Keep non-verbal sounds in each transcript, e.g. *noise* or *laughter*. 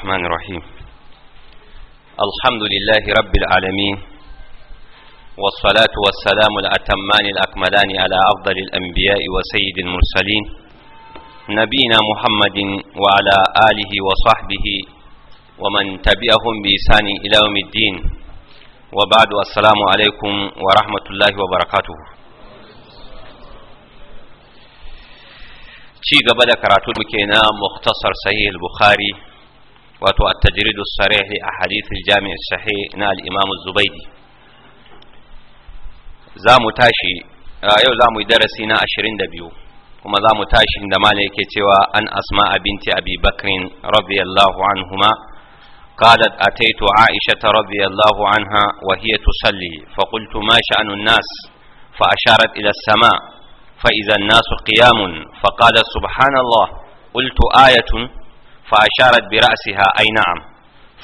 الرحمن الرحيم الحمد لله رب العالمين والصلاة والسلام الأتمان الأكملان على أفضل الأنبياء وسيد المرسلين نبينا محمد وعلى آله وصحبه ومن تبعهم بإحسان إلى يوم الدين وبعد السلام عليكم ورحمة الله وبركاته ci gaba da karatu muke na muktasar sahih al-bukhari واتو التجريد الصريح لأحاديث الجامع الصحيح نا الإمام الزبيدي زامو تاشي رأيو آه، زامو درسينا أشرين دبيو kuma زامو تاشي عندما لكي mala أن أسماء بنت أبي بكر رضي الله عنهما قالت أتيت عائشة رضي الله عنها وهي تصلي فقلت ما شأن الناس فأشارت إلى السماء فإذا الناس قيام فقالت سبحان الله قلت آية فأشارت برأسها أي نعم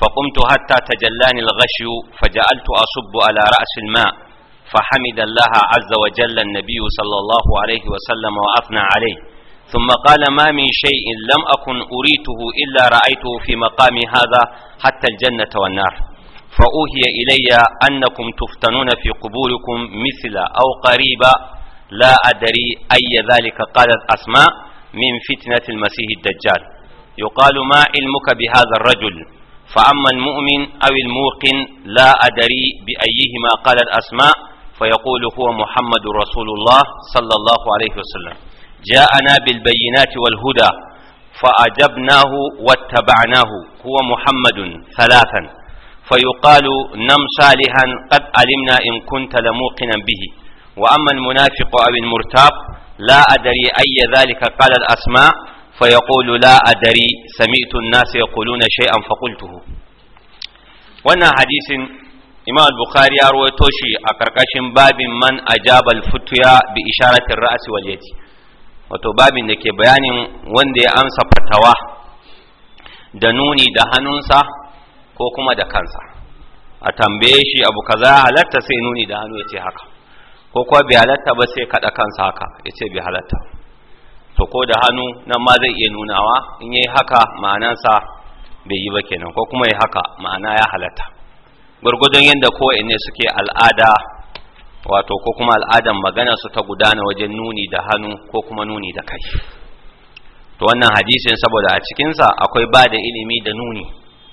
فقمت حتى تجلاني الغشي فجعلت أصب على رأس الماء فحمد الله عز وجل النبي صلى الله عليه وسلم وأثنى عليه ثم قال ما من شيء لم أكن أريته إلا رأيته في مقام هذا حتى الجنة والنار فأوهي إلي أنكم تفتنون في قبوركم مثل أو قريبا لا أدري أي ذلك قالت أسماء من فتنة المسيح الدجال يقال ما علمك بهذا الرجل فأما المؤمن أو الموقن لا أدري بأيهما قال الأسماء فيقول هو محمد رسول الله صلى الله عليه وسلم جاءنا بالبينات والهدى فأجبناه واتبعناه هو محمد ثلاثا فيقال نم صالحا قد علمنا إن كنت لموقنا به وأما المنافق أو المرتاب لا أدري أي ذلك قال الأسماء فيقول لا أدري سمعت الناس يقولون شيئا فقلته وانا حديث إمام البخاري يروي توشي أكركش باب من أجاب الفتيا بإشارة الرأس واليد wato babin da ke bayanin wanda ya amsa fatawa da nuni da hannunsa ko kuma da kansa a tambaye shi abu kaza halatta sai nuni da hannu ya ce haka ko kuwa bai halatta ba sai kaɗa kansa haka ya ce bai halatta to ko da hannu nan ma zai iya nunawa in yayi haka ma'anansa bai yi ba kenan ko kuma yi haka ma'ana ya halatta gurgudun yadda ko ne suke al'ada wato ko kuma al'adan magana su ta gudana wajen nuni da hannu ko kuma nuni da kai to wannan hadisin saboda a cikinsa akwai ba da ilimi da nuni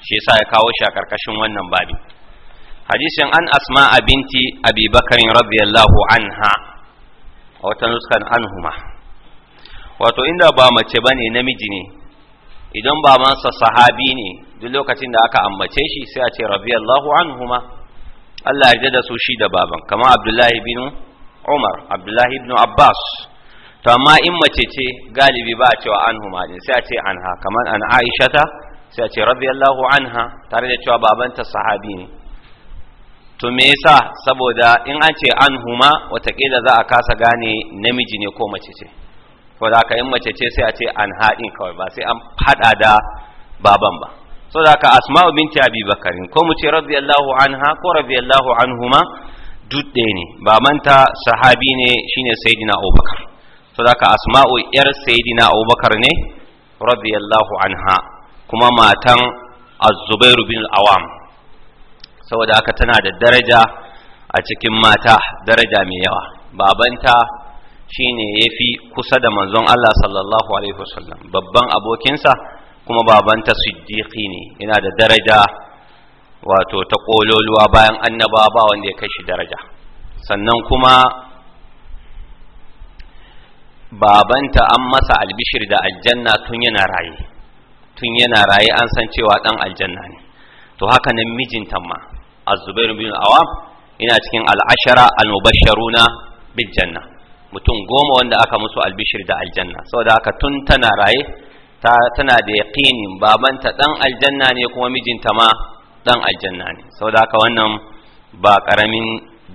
shi yasa ya kawo shi a karkashin wannan babi hadisin an asma binti abi bakarin radiyallahu anha a wata nuskan anhuma wato inda ba mace bane namiji ne idan babansa sahabi ne duk lokacin da aka ambace shi sai a ce radiyallahu anhuma Allah ya da su shi da baban kamar Abdullahi bin Umar Abdullahi bin Abbas to amma in mace ce galibi ba a cewa anhuma ne sai a ce anha kamar an Aishata sai a ce radiyallahu anha tare da cewa babanta sahabi ne to me yasa saboda in an ce anhuma watakila za a kasa gane namiji ne ko mace ce ko da ka in mace ce sai a ce an haɗin kawai ba sai an haɗa da baban ba so da ka asma'u binti abi bakarin ko mu ce radiyallahu anha ko radiyallahu anhuma duk ɗaya ne babanta sahabi ne shine sayyidina abubakar so da ka asma'u yar sayyidina abubakar ne radiyallahu anha kuma matan az-zubair bin awam saboda haka tana da daraja a cikin mata daraja mai yawa babanta Shi shine yafi kusa da manzon Allah sallallahu alaihi wasallam babban abokinsa kuma babanta siddiqi ne yana da daraja wato ta ƙololuwa bayan annaba ba wanda ya kai shi daraja sannan kuma babanta an masa albishir da aljanna tun yana raye tun yana raye an san cewa dan aljanna ne to haka nan mijinta ma az-zubair bin awam yana cikin al'ashara ashara al-mubashsharuna bil janna mutum goma wanda aka musu albishir da aljanna saboda haka tun tana raye tana da yaqinin babanta dan aljanna ne kuma mijinta ma dan aljanna ne saboda haka wannan ba karamin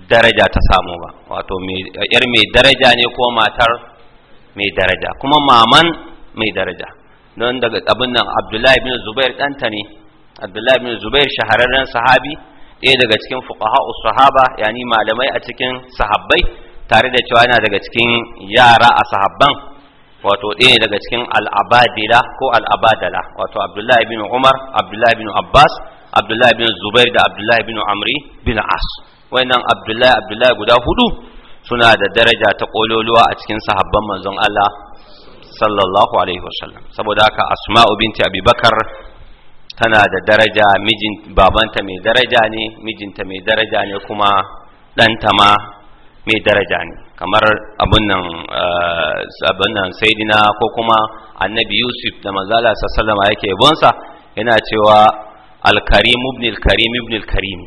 daraja ta samu ba wato yar mai daraja ne ko matar mai daraja kuma maman mai daraja don daga abin nan abdullahi ibn zubair ɗanta ne abdullahi ibn zubair shahararren sahabi ɗaya daga cikin fuqaha sahaba yani malamai a cikin sahabbai tare da cewa yana daga cikin yara a sahabban wato ɗaya daga cikin al'abadila ko al'abadala wato abdullahi bin umar abdullahi bin abbas abdullahi bin zubair da abdullahi bin amri bin as wannan abdullahi abdullahi guda hudu suna da daraja ta kololuwa a cikin sahabban manzon Allah sallallahu alaihi wasallam saboda haka asma'u binti abubakar tana da daraja mijin babanta mai daraja ne mijinta mai daraja ne kuma ɗanta ma mai daraja ne kamar abun nan eh, abun nan saidina ko kuma annabi yusuf da manzala sallama yake yabonsa yana cewa alkarim ibn alkarim ibn alkarim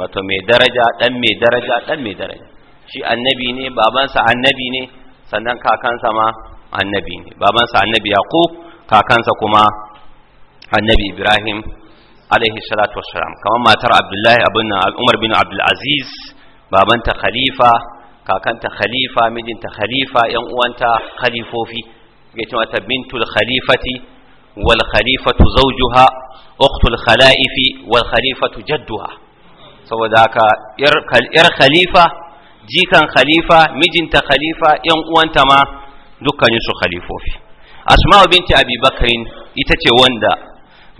wato mai daraja dan mai daraja dan mai daraja shi annabi ne babansa annabi ne sannan kakansa ma annabi ne babansa annabi yaqub kakansa kuma annabi ibrahim alaihi salatu wassalam kamar matar abdullahi abin nan al'umar bin abdul aziz babanta khalifa kakanta khalifa mijinta khalifa yan uwanta khalifofi yace mata bintul khalifati wal khalifatu zawjuha ukhtul khalaifi wal khalifatu jadduha saboda haka yar khalifa jikan khalifa mijinta khalifa yan uwanta ma dukkanin su khalifofi asma'u binti abi ita ce wanda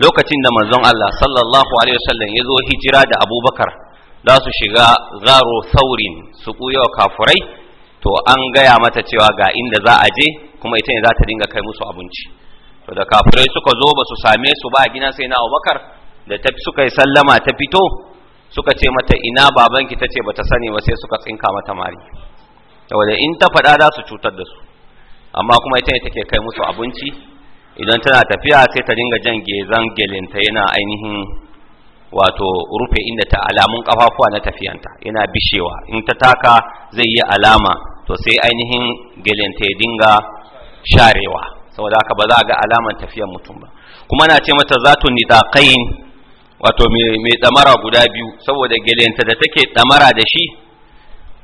lokacin da manzon Allah sallallahu alaihi wasallam ya zo hijira da abubakar za su shiga zaro saurin su kuyo kafurai to an gaya mata cewa ga inda za a je kuma ita ne za ta dinga kai musu abinci to da kafurai suka zo ba su same su ba a gina sai na abubakar da ta suka yi sallama ta fito suka ce mata ina babanki ta ce bata sani ba sai suka tsinka mata mari saboda in ta faɗa za su cutar da su amma kuma ita ne take kai musu abinci idan tana tafiya sai ta dinga jan gezan gelinta yana ainihin wato rufe inda ta alamun kafafuwa na tafiyanta yana bishewa in ta taka zai yi alama to sai ainihin ya dinga sharewa saboda haka ba za a ga alaman tafiyar mutum ba kuma na ce mata zatu kain wato mai damara guda biyu saboda gelenta da take damara da shi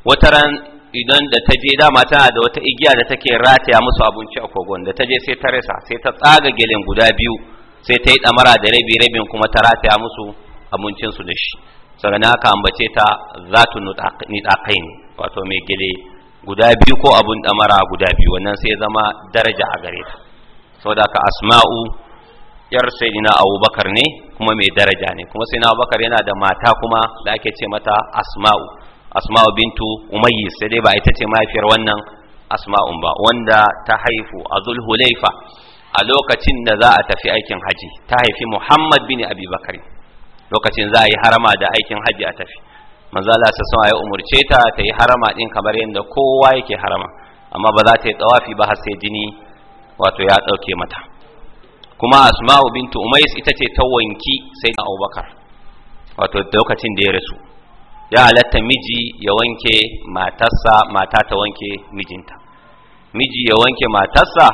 wata ran idan da ta je dama tana da wata igiya da take rataya musu abinci a kogon da ta je sai ta rasa sai ta tsaga gelen guda biyu sai ta yi damara da rabi rabin kuma ta rataya musu kamuncinsu da shi na aka ambace ta zatu ne wato mai gele guda biyu ko abun damara guda biyu wannan sai zama daraja a gare ta saboda ka asma'u yar sayyidina abubakar ne kuma mai daraja ne kuma sayyidina abubakar yana da mata kuma da ake ce mata asma'u asma'u bintu umayyi sai dai ba ita ce mahaifiyar wannan asma'un ba wanda ta haifu a zulhulaifa a lokacin da za a tafi aikin haji ta haifi muhammad bin abubakar lokacin za a yi harama da aikin hajji a tafi manzo Allah sallallahu alaihi umurce ta ta yi harama din kamar yadda kowa yake harama amma ba za ta yi tsawafi ba har sai jini wato ya dauke mata kuma asma'u bintu umais ita ce ta wanki sai da abubakar wato lokacin da ya rasu ya halatta miji ya wanke matarsa mata ta wanke mijinta miji ya wanke matarsa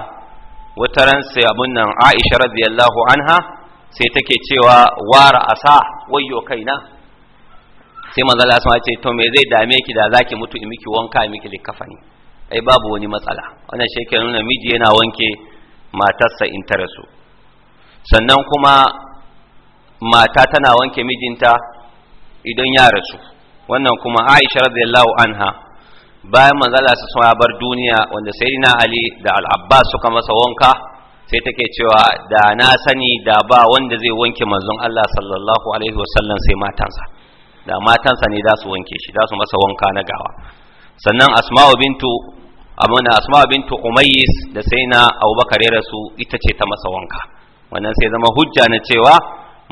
wata ran sai abun nan Aisha radiyallahu anha sai take cewa wara asa wayo kaina sai manzo Allah ce to me zai dame ki da zaki mutu in miki wanka in miki likafani ai babu wani matsala wannan shi ke nuna miji yana wanke matarsa in ta rasu sannan kuma mata tana wanke mijinta idan ya rasu wannan kuma Aisha radiyallahu anha bayan manzo Allah ya bar duniya wanda sayyidina Ali da Al-Abbas suka masa wanka sai take cewa da na sani da ba wanda zai wanke manzon Allah sallallahu alaihi wasallam sai matansa da matansa ne za su wanke shi za su masa wanka na gawa sannan asma'u bintu amana asma'u bintu umayyis da sai na abubakar ya rasu ita ce ta masa wanka wannan sai zama hujja na cewa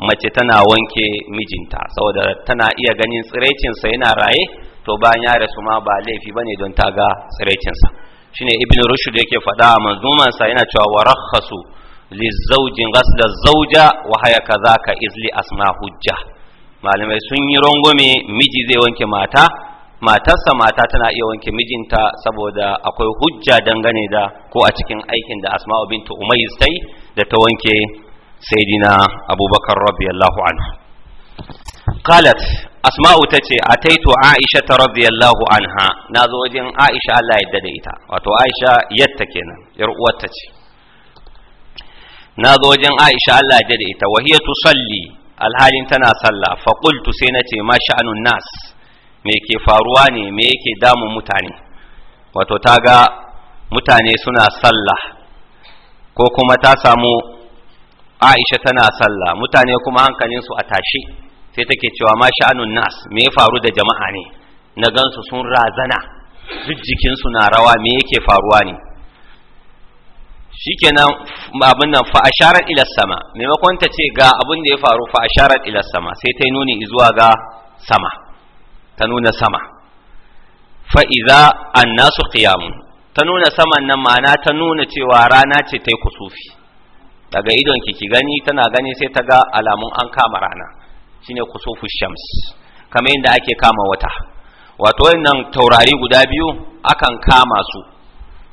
mace tana wanke mijinta saboda tana iya ganin tsiraicinsa yana raye to bayan ya rasu ma ba laifi bane don ta ga tsiraicinsa shine ibn rushd yake faɗa a manzuman sa yana cewa warakhasu lizawjin ghasla zawja wa haya ka izli asma hujja malamai sun yi rangwame miji zai wanke mata matarsa mata tana iya wanke mijinta saboda akwai hujja dangane da ko a cikin aikin da asma'u bintu umayyiz sai da ta wanke sayidina abubakar radiyallahu anhu qalat asma'u tace taito aisha ta radiyallahu anha nazo wajen aisha Allah ya da ita wato aisha yatta kenan yar uwarta ce nazo wajen aisha Allah ya da ita wahiya tusalli alhalin tana sallah fa qultu sai nace ma sha'anun nas me ke faruwa ne me yake damun mutane wato ta ga mutane suna sallah ko kuma ta samu aisha tana sallah mutane kuma hankalinsu a tashe sai take cewa ma sha'anun nas me ya faru da jama'a ne na gansu sun razana duk jikinsu na rawa me yake faruwa ne shikenan abin nan fa asharat ila sama maimakon ta ce ga abin da ya faru fa asharat ila sama sai ta nuni zuwa ga sama ta nuna sama fa idza annasu qiyam ta nuna saman nan ma'ana ta nuna cewa rana ce ta yi kusufi daga idon ki gani tana gani sai ta ga alamun an kama rana shine kusufu shams kamar yadda ake kama wata wato wannan taurari guda biyu akan kama su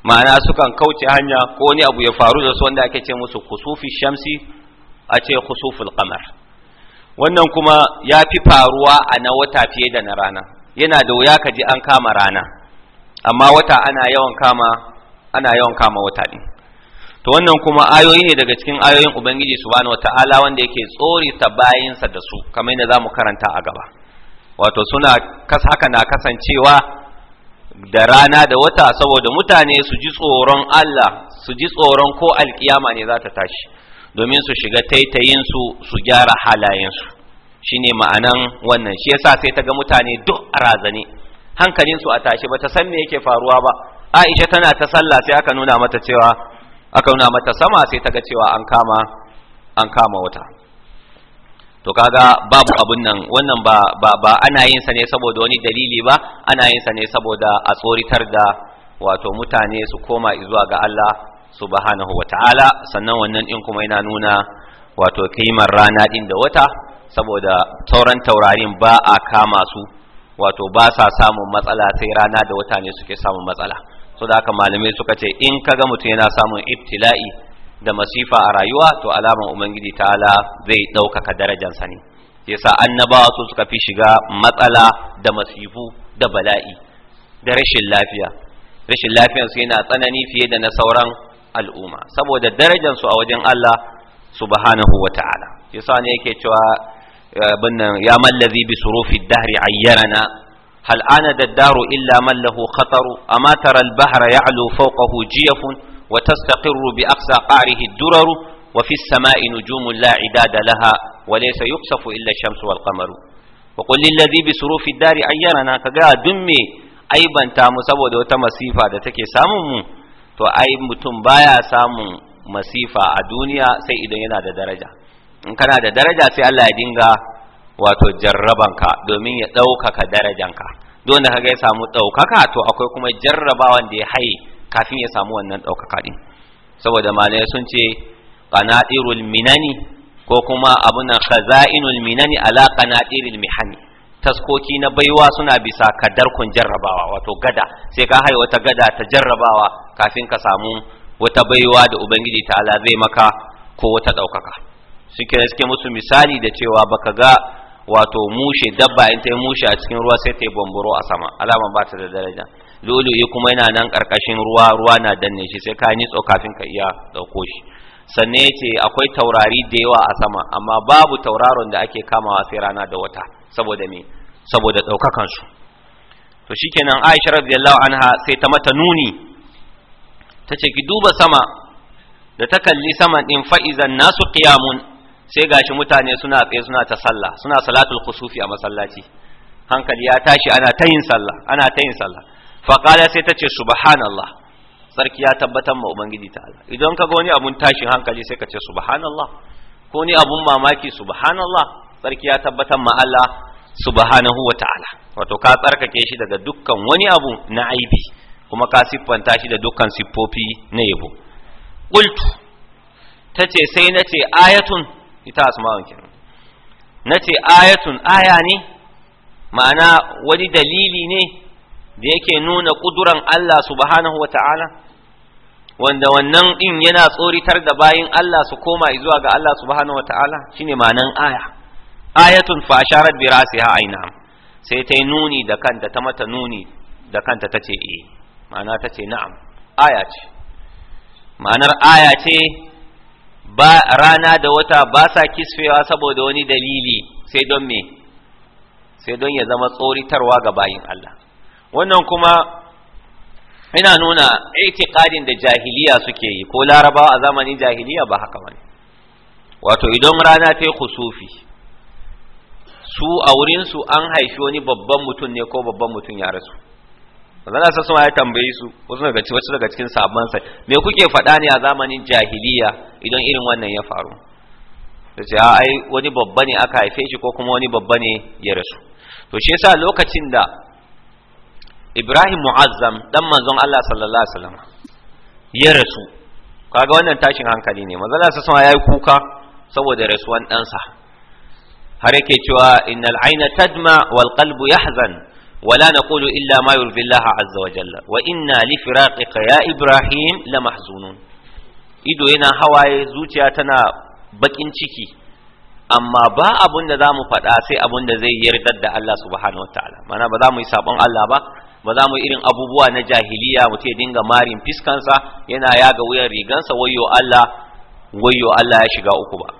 ma'ana sukan kauce hanya ko wani abu ya faru da su wanda ake ce musu kusufi shamsi a ce kusuful qamar wannan kuma ya fi faruwa a na wata fiye da na rana yana da wuya ka ji an kama rana amma wata ana yawan kama ana yawan kama wata din to wannan kuma ayoyi ne daga cikin ayoyin ubangiji subhanahu wataala wanda yake tsori ta bayinsa da su kamar yadda zamu karanta a gaba wato suna kas haka na kasancewa da rana da wata saboda mutane su ji tsoron Allah su ji tsoron ko alkiyama ne za ta tashi domin su shiga taitayin su gyara halayensu. su shine ma'anan wannan shi yasa sai ta ga mutane duk a razane hankalin su a tashi bata san me yake faruwa ba Aisha tana ta sallah sai aka nuna mata cewa aka nuna mata sama sai ta ga cewa an kama an kama wata to kaga babu abun nan wannan ba ba ba ana yin sa ne saboda wani dalili ba ana yin sa ne saboda a tsoritar da wato mutane su koma zuwa ga Allah subhanahu wataala sannan wannan din kuma yana nuna wato kimar rana din da wata saboda tauran taurarin ba a kama su wato ba sa samun matsala sai rana da wata ne suke samun matsala Su da aka malamai suka ce in kaga mutum yana samun ibtila'i da masifa a rayuwa to alaman ubangiji ta'ala zai ɗaukaka darajansa ne yasa annabawa su suka fi shiga matsala da masifu da bala'i da rashin lafiya rashin lafiyarsu yana tsanani fiye da na sauran al'umma saboda darajansu a wajen Allah subhanahu wa ta'ala yasa ne yake cewa eh, binnan ya mallazi bi a dahri ayyarana hal da daddaru illa mallahu lahu khataru amma tara al-bahra ya'lu fawqahu jiyafun wa tastaqirru bi aqsa qa'rihi ad-duraru wa fi as-sama'i nujumun la idada laha wa laysa yuksafu illa ash-shamsu wal qamaru wa qul lil ladhi bi surufi ad-dari ayyana kaga dumme mu saboda wata masifa da take samun mu to ai mutum baya samun masifa a duniya sai idan yana da daraja in kana da daraja sai Allah ya dinga wato jarrabanka domin ya ɗaukaka darajanka don da kaga ya samu ɗaukaka to akwai kuma jarrabawan da ya haye kafin ya samu wannan ɗaukaka ɗin saboda malaya sun ce qanatirul minani ko kuma abuna khaza'inul minani ala qanatiril mihani taskoki na baiwa suna bisa kadarkun jarrabawa wato gada sai ka haye wata gada ta jarrabawa kafin ka samu wata baiwa da ubangiji ta'ala zai maka ko wata ɗaukaka suke suke musu misali da cewa baka ga wato mushe dabba in ta yi mushe a cikin ruwa sai ta yi bambaro a sama alaman ba ta da daraja yi kuma yana nan karkashin ruwa ruwa na danne shi sai ka nitso kafin ka iya dauko shi sannan ya ce akwai taurari da yawa a sama amma babu tauraron da ake kamawa sai rana da wata saboda me saboda daukakan su to shikenan Aisha radiyallahu anha sai ta mata nuni tace ki duba sama da ta kalli sama din fa'izan nasu qiyamun sai gashi mutane suna tsaye suna ta sallah suna salatul kusufi a masallaci hankali ya tashi ana ta yin sallah ana ta yin sallah fa qala sai ta ce subhanallah sarki ya tabbatar ma ubangiji ta'ala idan ka ga wani abun tashi hankali sai ka ce subhanallah ko ni abun mamaki subhanallah sarki ya tabbatar ma Allah subhanahu wa ta'ala wato ka tsarkake shi daga dukkan wani abu na aibi kuma ka siffanta shi da dukkan siffofi na yabo qultu tace sai nace ayatun ita asma'un kenan nace ayatun aya ne ma'ana wani dalili ne da yake nuna kuduran Allah subhanahu wata'ala wanda wannan din yana tsoritar da bayin Allah su koma zuwa ga Allah subhanahu wata'ala shine ma'anan aya ayatun fa asharat bi rasiha aina sai ta nuni da kanta ta mata nuni da kanta tace eh ma'ana tace na'am aya ce ma'anar aya ce ba rana da wata ba sa kisfewa saboda wani dalili sai don me sai don ya zama tsoritarwa ga bayin Allah wannan kuma ina nuna itiqadin da jahiliya suke yi ko larabawa a zamanin jahiliya ba haka bane wato idan rana ta yi kusufi su a wurinsu an haifi wani babban mutum ne ko babban mutum ya rasu manzon Allah ya tambaye su wasu daga cikin wasu daga cikin sai me kuke faɗa ne a zamanin jahiliya idan irin wannan ya faru sai a ah, ai wani babba ne aka haife shi ko kuma wani babba ne ya rasu to shi yasa lokacin da Ibrahim Mu'azzam dan manzon Allah sallallahu alaihi wasallam ya rasu kaga wannan tashin hankali ne manzon Allah sallallahu yayi kuka saboda rasuwan ɗansa har yake cewa innal aina tadma wal qalbu yahzan ولا نقول إلا ما يرضي الله عز وجل وإنا لفراقك يا إبراهيم لمحزونون ido yana hawaye zuciya tana baƙin ciki amma ba abun za mu faɗa sai abun da zai yarda da Allah subhanahu wataala mana ba za mu yi sabon Allah ba ba za mu yi irin abubuwa na jahiliya mu ce dinga marin fiskansa yana yaga wuyan rigansa wayyo Allah Allah ya shiga uku ba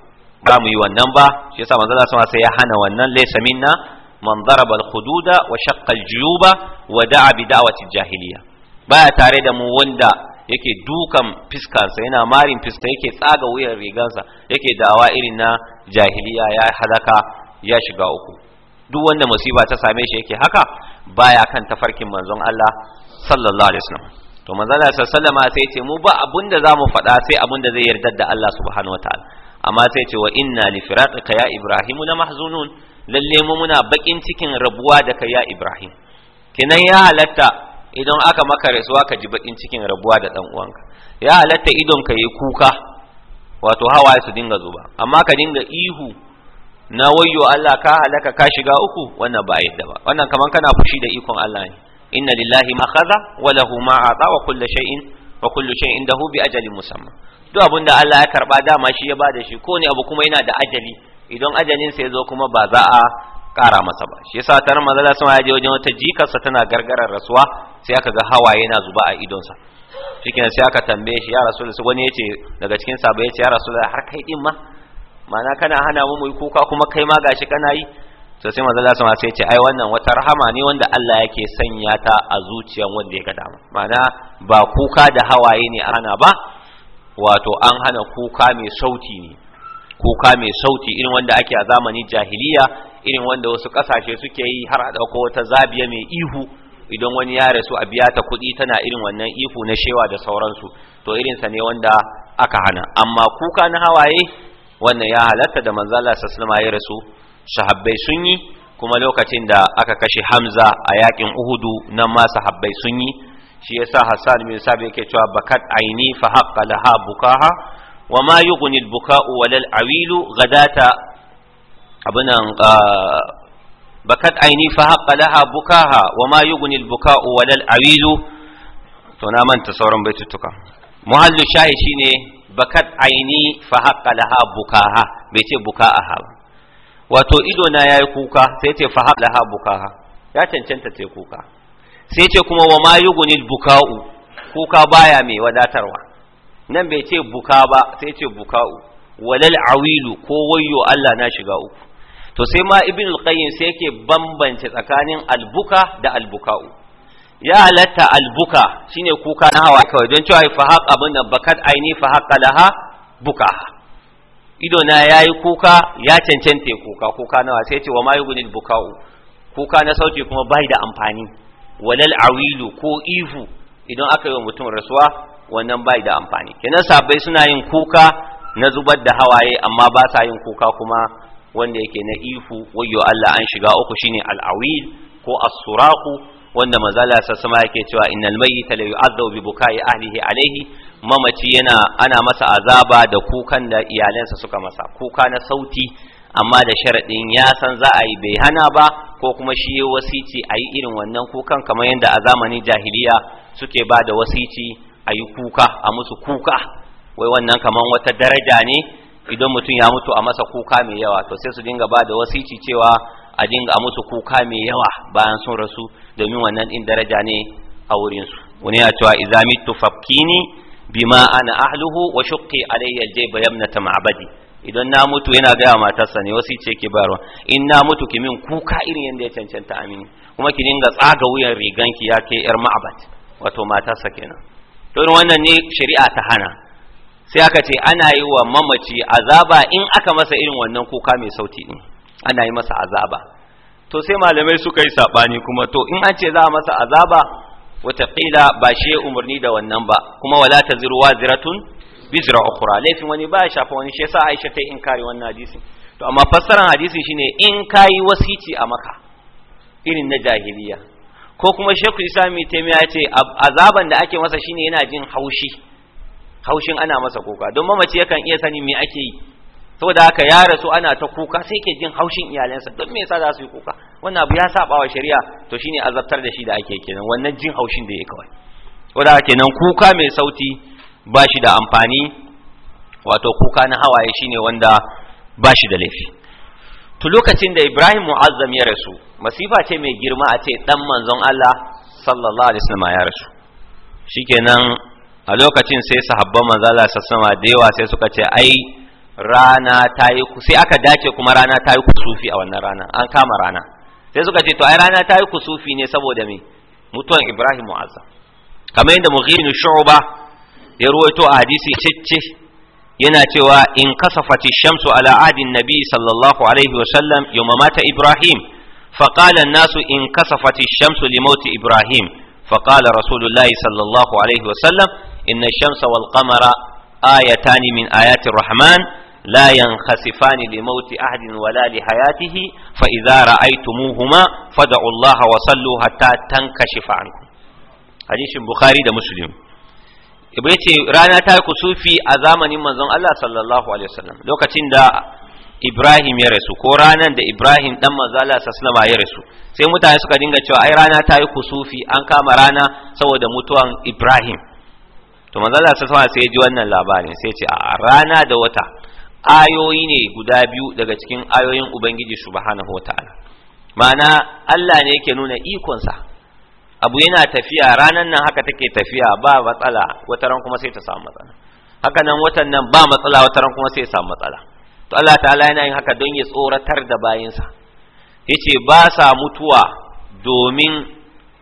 ba mu yi wannan ba shi yasa manzo Allah sai ya hana wannan laysa minna man daraba al-hududa wa shaqqa al-juyuba wa da'a bi jahiliya baya tare da mu wanda yake dukan fiskarsa yana marin fiska yake tsaga wuyan rigansa yake dawa irin na jahiliya ya halaka ya shiga uku duk wanda musiba ta same shi yake haka baya kan tafarkin manzon Allah sallallahu alaihi wasallam to manzon Allah sallallahu alaihi sai ce mu ba abunda zamu faɗa sai abunda zai yarda da Allah subhanahu wataala amma sai ce wa inna li firaqika ya ibrahimu la mahzunun lalle mu muna bakin cikin rabuwa da kai ya Ibrahim kinan ya halatta idan aka maka rasuwa ka ji bakin cikin rabuwa da dan uwanka ya halatta idon ka yi kuka wato hawaye su dinga zuba amma ka dinga ihu na wayyo Allah ka halaka ka shiga uku wannan ba yadda ba wannan kaman kana fushi da ikon Allah ne inna lillahi ma walahu wa lahu ma ata wa kullu shay'in wa kullu shay'in dahu bi ajalin musamma duk abinda Allah ya karba dama shi ya bada shi ko ne abu kuma yana da ajali idan ajalin sa zo kuma ba za a kara masa ba shi yasa tarin manzala sun ya je wajen wata jikarsa tana gargarar rasuwa sai aka ga hawaye na zuba a idonsa Cikin sai aka tambaye shi ya rasul wani yace daga cikin sahabbai yace ya rasul har kai din ma mana kana hana mu yi kuka kuma kai ma gashi kana yi to sai manzo Allah sai ce ai wannan wata rahama ne wanda Allah yake sanya ta a zuciyan wanda ya gada mu mana ba kuka da hawaye ne ana ba wato an hana kuka mai sauti ne kuka mai sauti irin wanda ake a zamanin jahiliya irin wanda wasu kasashe suke yi har a ko wata zabiya mai ihu idan wani ya rasu a biya ta kuɗi tana irin wannan ihu na shewa da sauransu to irinsa ne wanda aka hana amma kuka na hawaye wannan ya halatta da alaihi wasallam ya rasu sahabbai sun yi kuma lokacin da aka kashe hamza a yakin uhudu nan ma sahabbai sun yi shi yasa hassan bin sabi yake cewa bakat aini fa haqqa laha bukaha wa ma yughni al-buka'u walal awilu ghadata abunan bakat aini fa haqqa laha bukaha wa ma yughni al-buka'u walal awilu to na manta sauran baitutuka muhallu shahi shine bakat aini fa haqqa laha bukaha bai ce buka'aha ba wato ido na yayi kuka sai ce fa haqqa laha bukaha ya cancanta ce kuka sai ce kuma wa ma yughni al-buka'u kuka baya mai wadatarwa nan bai ce buka ba sai ce buka'u walal awilu ko wayyo Allah na shiga uku to sai ma ibn al-qayyim sai yake bambance tsakanin albuka da albuka'u ya halatta albuka shine kuka na hawa kawai don cewa fa haqa abin da bakat aini fa haqa laha buka ido na yayi kuka ya cancante kuka kuka nawa sai ce wa ma yughnil buka'u kuka na sauti kuma bai da amfani walal awilu ko ihu idan aka yi wa mutum rasuwa wannan bai da amfani kenan sabai suna yin kuka na zubar da hawaye amma ba sa yin kuka kuma wanda yake na ifu wayyo Allah an shiga uku shine al-awil ko as-suraqu wanda mazala sassama yake cewa innal mayyita la yu'adhabu bi bukai ahlihi alayhi mamaci yana ana masa azaba da kukan da iyalansa suka masa kuka na sauti amma da sharadin ya san za a yi bai hana ba ko kuma shi ya wasici a yi irin wannan kukan kamar yadda a zamanin jahiliya suke bada da wasici a yi kuka a musu kuka wai wannan kamar wata daraja ne idan mutum ya mutu a masa kuka mai yawa to sai su dinga ba da wasici cewa a dinga a musu kuka mai yawa bayan sun rasu domin wannan din daraja ne a wurinsu wani ya cewa izami tufafkini bi bima ana ahluhu wa shuqqi alayya aljayba yamnata ma'badi idan na mutu yana gaya matarsa ne wasu ce ke bayarwa in na mutu ki min kuka irin yadda ya cancanta amini kuma ki dinga tsaga wuyan riganki ya ke yar ma'abad wato matarsa kenan Don wannan ne shari'a ta hana sai aka ce ana yi wa mamaci azaba in aka masa irin wannan kuka mai sauti din ana yi masa azaba to sai malamai suka yi sabani kuma to in an ce za a masa azaba wataƙila ba shi umarni da wannan ba kuma wala ta ziru taziru waziratun bizra ukhra laifin wani ba ya shafa wani shi yasa Aisha ta inkari wannan hadisi. to amma fassaran hadisi shine in kayi wasici a maka irin na jahiliya ko kuma isa mai taimiya ce azaban da ake masa shine yana jin haushi haushin ana masa kuka don mamaci yakan iya sani me ake yi saboda haka ya rasu ana ta kuka sai ke jin haushin iyalansa don me yasa za su yi kuka wannan abu ya saba wa shari'a to shine azabtar da shi da ake kenan wannan jin haushin da ya kawai saboda haka kenan kuka mai sauti ba shi da amfani wato kuka na hawaye shine wanda ba shi da laifi to lokacin da Ibrahim Mu'azzam ya rasu masifa ce mai girma a ce dan manzon Allah sallallahu alaihi wasallam ya rasu shikenan a lokacin sai sahabban manzon Allah sallallahu alaihi da yawa sai suka ce ai rana ta yi sai aka dace kuma rana ta yi kusufi a wannan rana an kama rana sai suka ce to ai rana ta yi kusufi ne saboda me mutuwan Ibrahim Mu'azzam kamar yadda Mughir Shu'ba ya ruwaito a hadisi cicci yana cewa in kasafati shamsu ala adin nabi sallallahu alaihi wa sallam yawma mata ibrahim fa qala nasu in kasafati shamsu li mauti ibrahim fa qala rasulullahi sallallahu alaihi wa sallam inna ash-shamsa wal qamara ayatan min ayati rahman la yankhasifani li mauti ahadin wala li hayatihi fa idza ra'aytumuhuma fad'u Allah wa sallu hatta tankashifa ankum hadisin bukhari da muslim ibai ce rana ta yi kusufi a zamanin manzon Allah sallallahu alaihi wasallam lokacin da Ibrahim ya rasu ko ranan da Ibrahim dan manzon Allah sallallahu alaihi ya rasu sai mutane suka dinga cewa ai rana ta yi kusufi an kama rana saboda mutuwan Ibrahim to manzon Allah sallallahu alaihi sai ji wannan labarin sai ce a rana da wata ayoyi ne guda biyu daga cikin ayoyin Ubangiji subhanahu wataala ma'ana Allah ne yake nuna ikonsa abu yana tafiya ranan nan haka take tafiya ba matsala wata ran kuma sai ta samu matsala haka nan watan nan ba matsala wata ran kuma sai ta samu matsala to Allah ta'ala yana yin haka don ya tsoratar da sa yace ba sa mutuwa domin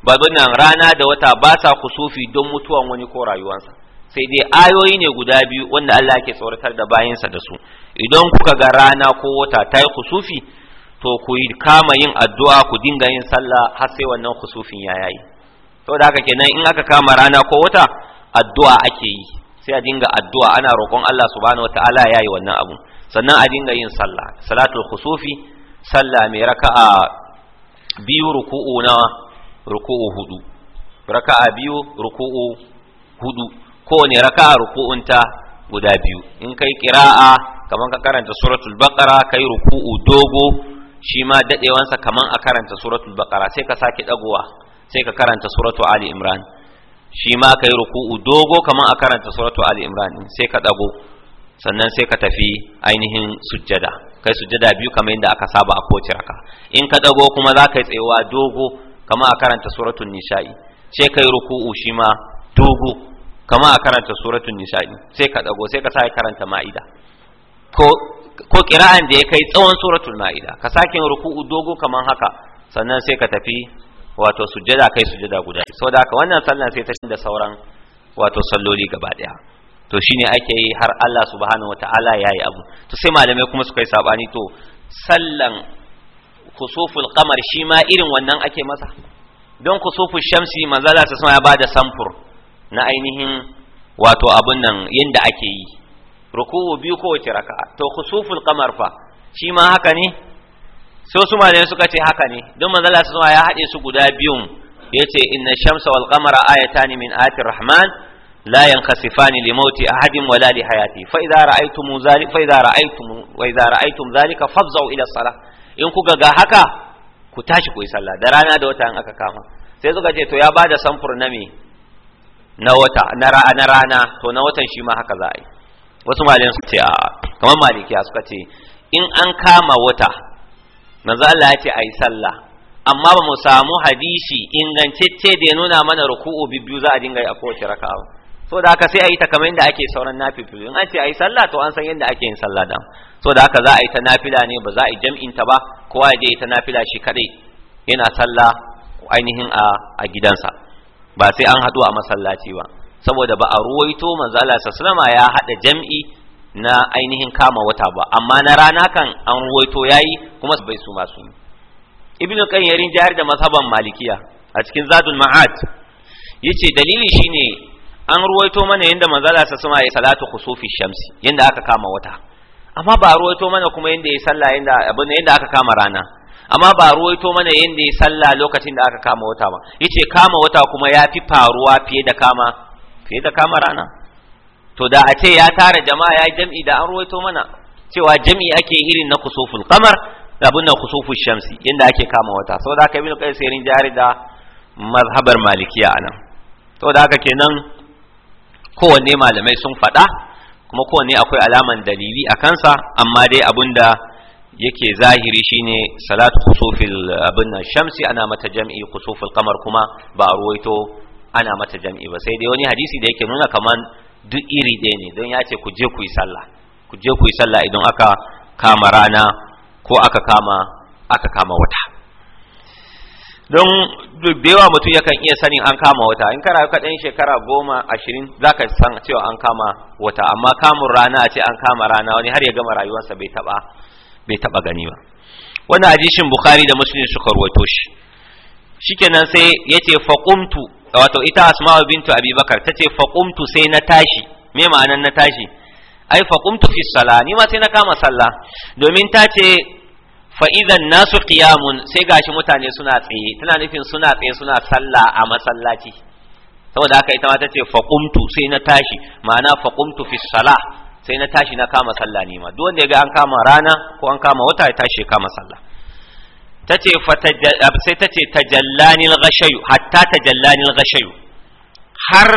nan rana da wata ba sa kusufi don mutuwan wani ko rayuwansa sai dai ayoyi ne guda biyu wanda Allah ke tsoratar da sa da su idan kuka ga rana ko wata ta yi kusufi to ku kama yin addu'a ku dinga yin sallah har sai wannan khusufin ya yayi to da haka kenan in aka kama rana ko wata addu'a ake yi sai a dinga addu'a ana roƙon Allah subhanahu wataala yayi wannan abu sannan a dinga yin sallah salatul khusufi sallah mai raka'a biyu ruku'u na ruku'u hudu raka'a biyu ruku'u hudu kowane raka'a ruku'unta guda biyu in kai kira'a kamar ka karanta suratul baqara kai ruku'u dogo shi ma dadewansa kaman a karanta suratul baqara sai ka sake dagowa sai ka karanta suratul ali imran shi ma kai ruku'u dogo kaman a karanta suratul ali imran sai ka dago sannan sai ka tafi ainihin sujjada kai sujjada biyu kamar yadda aka saba a kowace raka in ka dago kuma za ka yi tsayawa dogo kamar a karanta suratul nisa'i sai kai ruku'u shi ma dogo kamar a karanta suratul nisa'i sai ka dago sai ka sake karanta ma'ida ko ko kira'an da ya kai tsawon suratul ma'ida ka sake ruku'u dogo kaman haka sannan sai ka tafi wato sujjada kai sujjada guda saboda haka wannan sallah sai ta da sauran wato salloli gaba daya to shine ake yi har Allah subhanahu wataala yi abu to sai malamai kuma suka yi sabani to sallan kusuful qamar shi ma irin wannan ake masa don kusuful shamsi manzala ta sama ya bada samfur na ainihin wato abun nan yanda ake yi ruku'u biyu kowace raka'a to khusuful qamar fa shi ma haka ne so su malayen suka ce haka ne don manzala su ya haɗe su guda biyun yace inna shamsa wal qamara ayatani min ayati rahman la yanqasifani li mauti ahadin wala li hayati fa idza ra'aytum zalika fa idza ra'aytum wa idza ra'aytum zalika fafza'u ila salah in ku ga haka ku tashi ku yi sallah da rana da wata in aka kama sai suka ce to ya bada samfur na me na wata na rana to na watan shi ma haka za a yi wasu malin su ce a kamar a suka ce in an kama wata manzo Allah ya ce ayi sallah amma ba mu samu hadisi ingantacce da ya nuna mana ruku'u biyu za a dinga yi a kowace raka'a so da haka sai a yi ta kamar yadda ake sauran nafilu in an ce a yi sallah to an san yadda ake yin sallah dan so da haka za a yi ta nafila ne ba za a yi jam'in ta ba kowa ya je ta nafila shi kadai yana sallah ainihin a gidansa ba sai an haɗu a masallaci ba saboda ba a ruwaito manzo Allah wasallam ya hada jam'i na ainihin kama wata ba amma na rana kan an ruwaito yayi kuma bai su masu ibnu qayyarin jahar da mazhaban malikiya a cikin zadul ma'ad yace dalili shine an ruwaito mana yanda manzo Allah wasallam ya salatu khusufi shamsi yanda aka kama wata amma ba ruwaito mana kuma yanda ya salla yanda abin yanda aka kama rana amma ba ruwaito mana yanda ya salla lokacin da aka kama wata ba yace kama wata kuma ya fi faruwa fiye da kama kai da kama rana to da a ce ya tara jama'a ya jam'i da an ruwaito mana cewa jam'i ake irin na kusuful kamar da abin na kusuful shamsi yadda ake kama wata saboda haka ibn qayyim sai jari da mazhabar malikiya anan da haka kenan kowanne malamai sun faɗa kuma kowanne akwai alaman dalili a kansa amma dai abin da yake zahiri shine salatu kusufil abin na shamsi ana mata jam'i kusufun kamar kuma ba a ruwaito ana mata jam'i ba sai dai wani hadisi da yake nuna kaman duk iri ɗaya ne don ya ce ku je ku yi sallah ku je ku yi sallah idan aka kama rana ko aka kama aka kama wata don da yawa mutum yakan iya sanin an kama wata in kara ka ɗan shekara goma ashirin za ka san cewa an kama wata amma kamun rana a ce an kama rana wani har ya gama rayuwarsa bai taɓa bai taɓa gani ba wannan hadisin bukhari da muslim suka ruwaito shi shikenan sai yace faqumtu wato ita asma'u bintu abi bakar ta ce faƙumtu sai na tashi me ma'anar na tashi ai faƙumtu fi sala ni ma sai na kama sallah domin ta ce fa'izan nasu qiyamun sai gashi mutane suna tsaye tana nufin suna tsaye suna sallah a masallaci saboda haka ita ma ta ce faƙumtu sai na tashi ma'ana faƙumtu fi sala sai na tashi na kama sallah ni ma duk wanda ya ga an kama rana ko an kama wata ya tashi ya kama sallah tace sai tace tajallanil ghashayu hatta tajallanil ghashayu har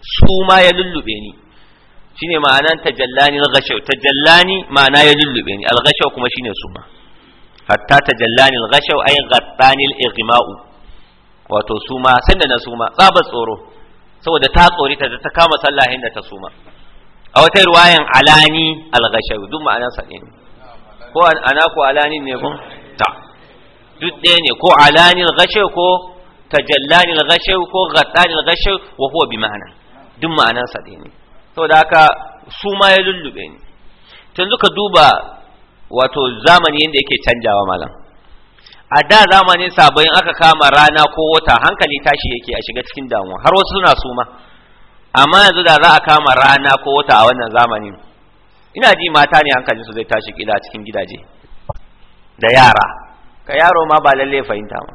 su ma ya lullube ni shine ma'anan tajallanil ghashayu tajallani ma'ana ya lullube ni al kuma shine su wato su sanda na suma ma tsabar tsoro saboda ta tsori ta ta kama sallah inda ta suma a wata ruwayan alani al duk ma'anan ne ko ana ko alani ne ko ta duk ɗaya ne ko alanil ghashe ko tajallanil ghashe ko ghaddanil ghashe wa huwa bi ma'ana duk ma'anan sa ne saboda haka su ma ya lullube ni yanzu ka duba wato zamani yadda yake canjawa malam a da zamanin sabayin aka kama rana ko wata hankali tashi yake a shiga cikin damuwa har wasu suna suma amma yanzu da za a kama rana ko wata a wannan zamani ina ji mata ne hankali su zai tashi kila cikin gidaje da yara ka yaro ma ba lalle fahimta ma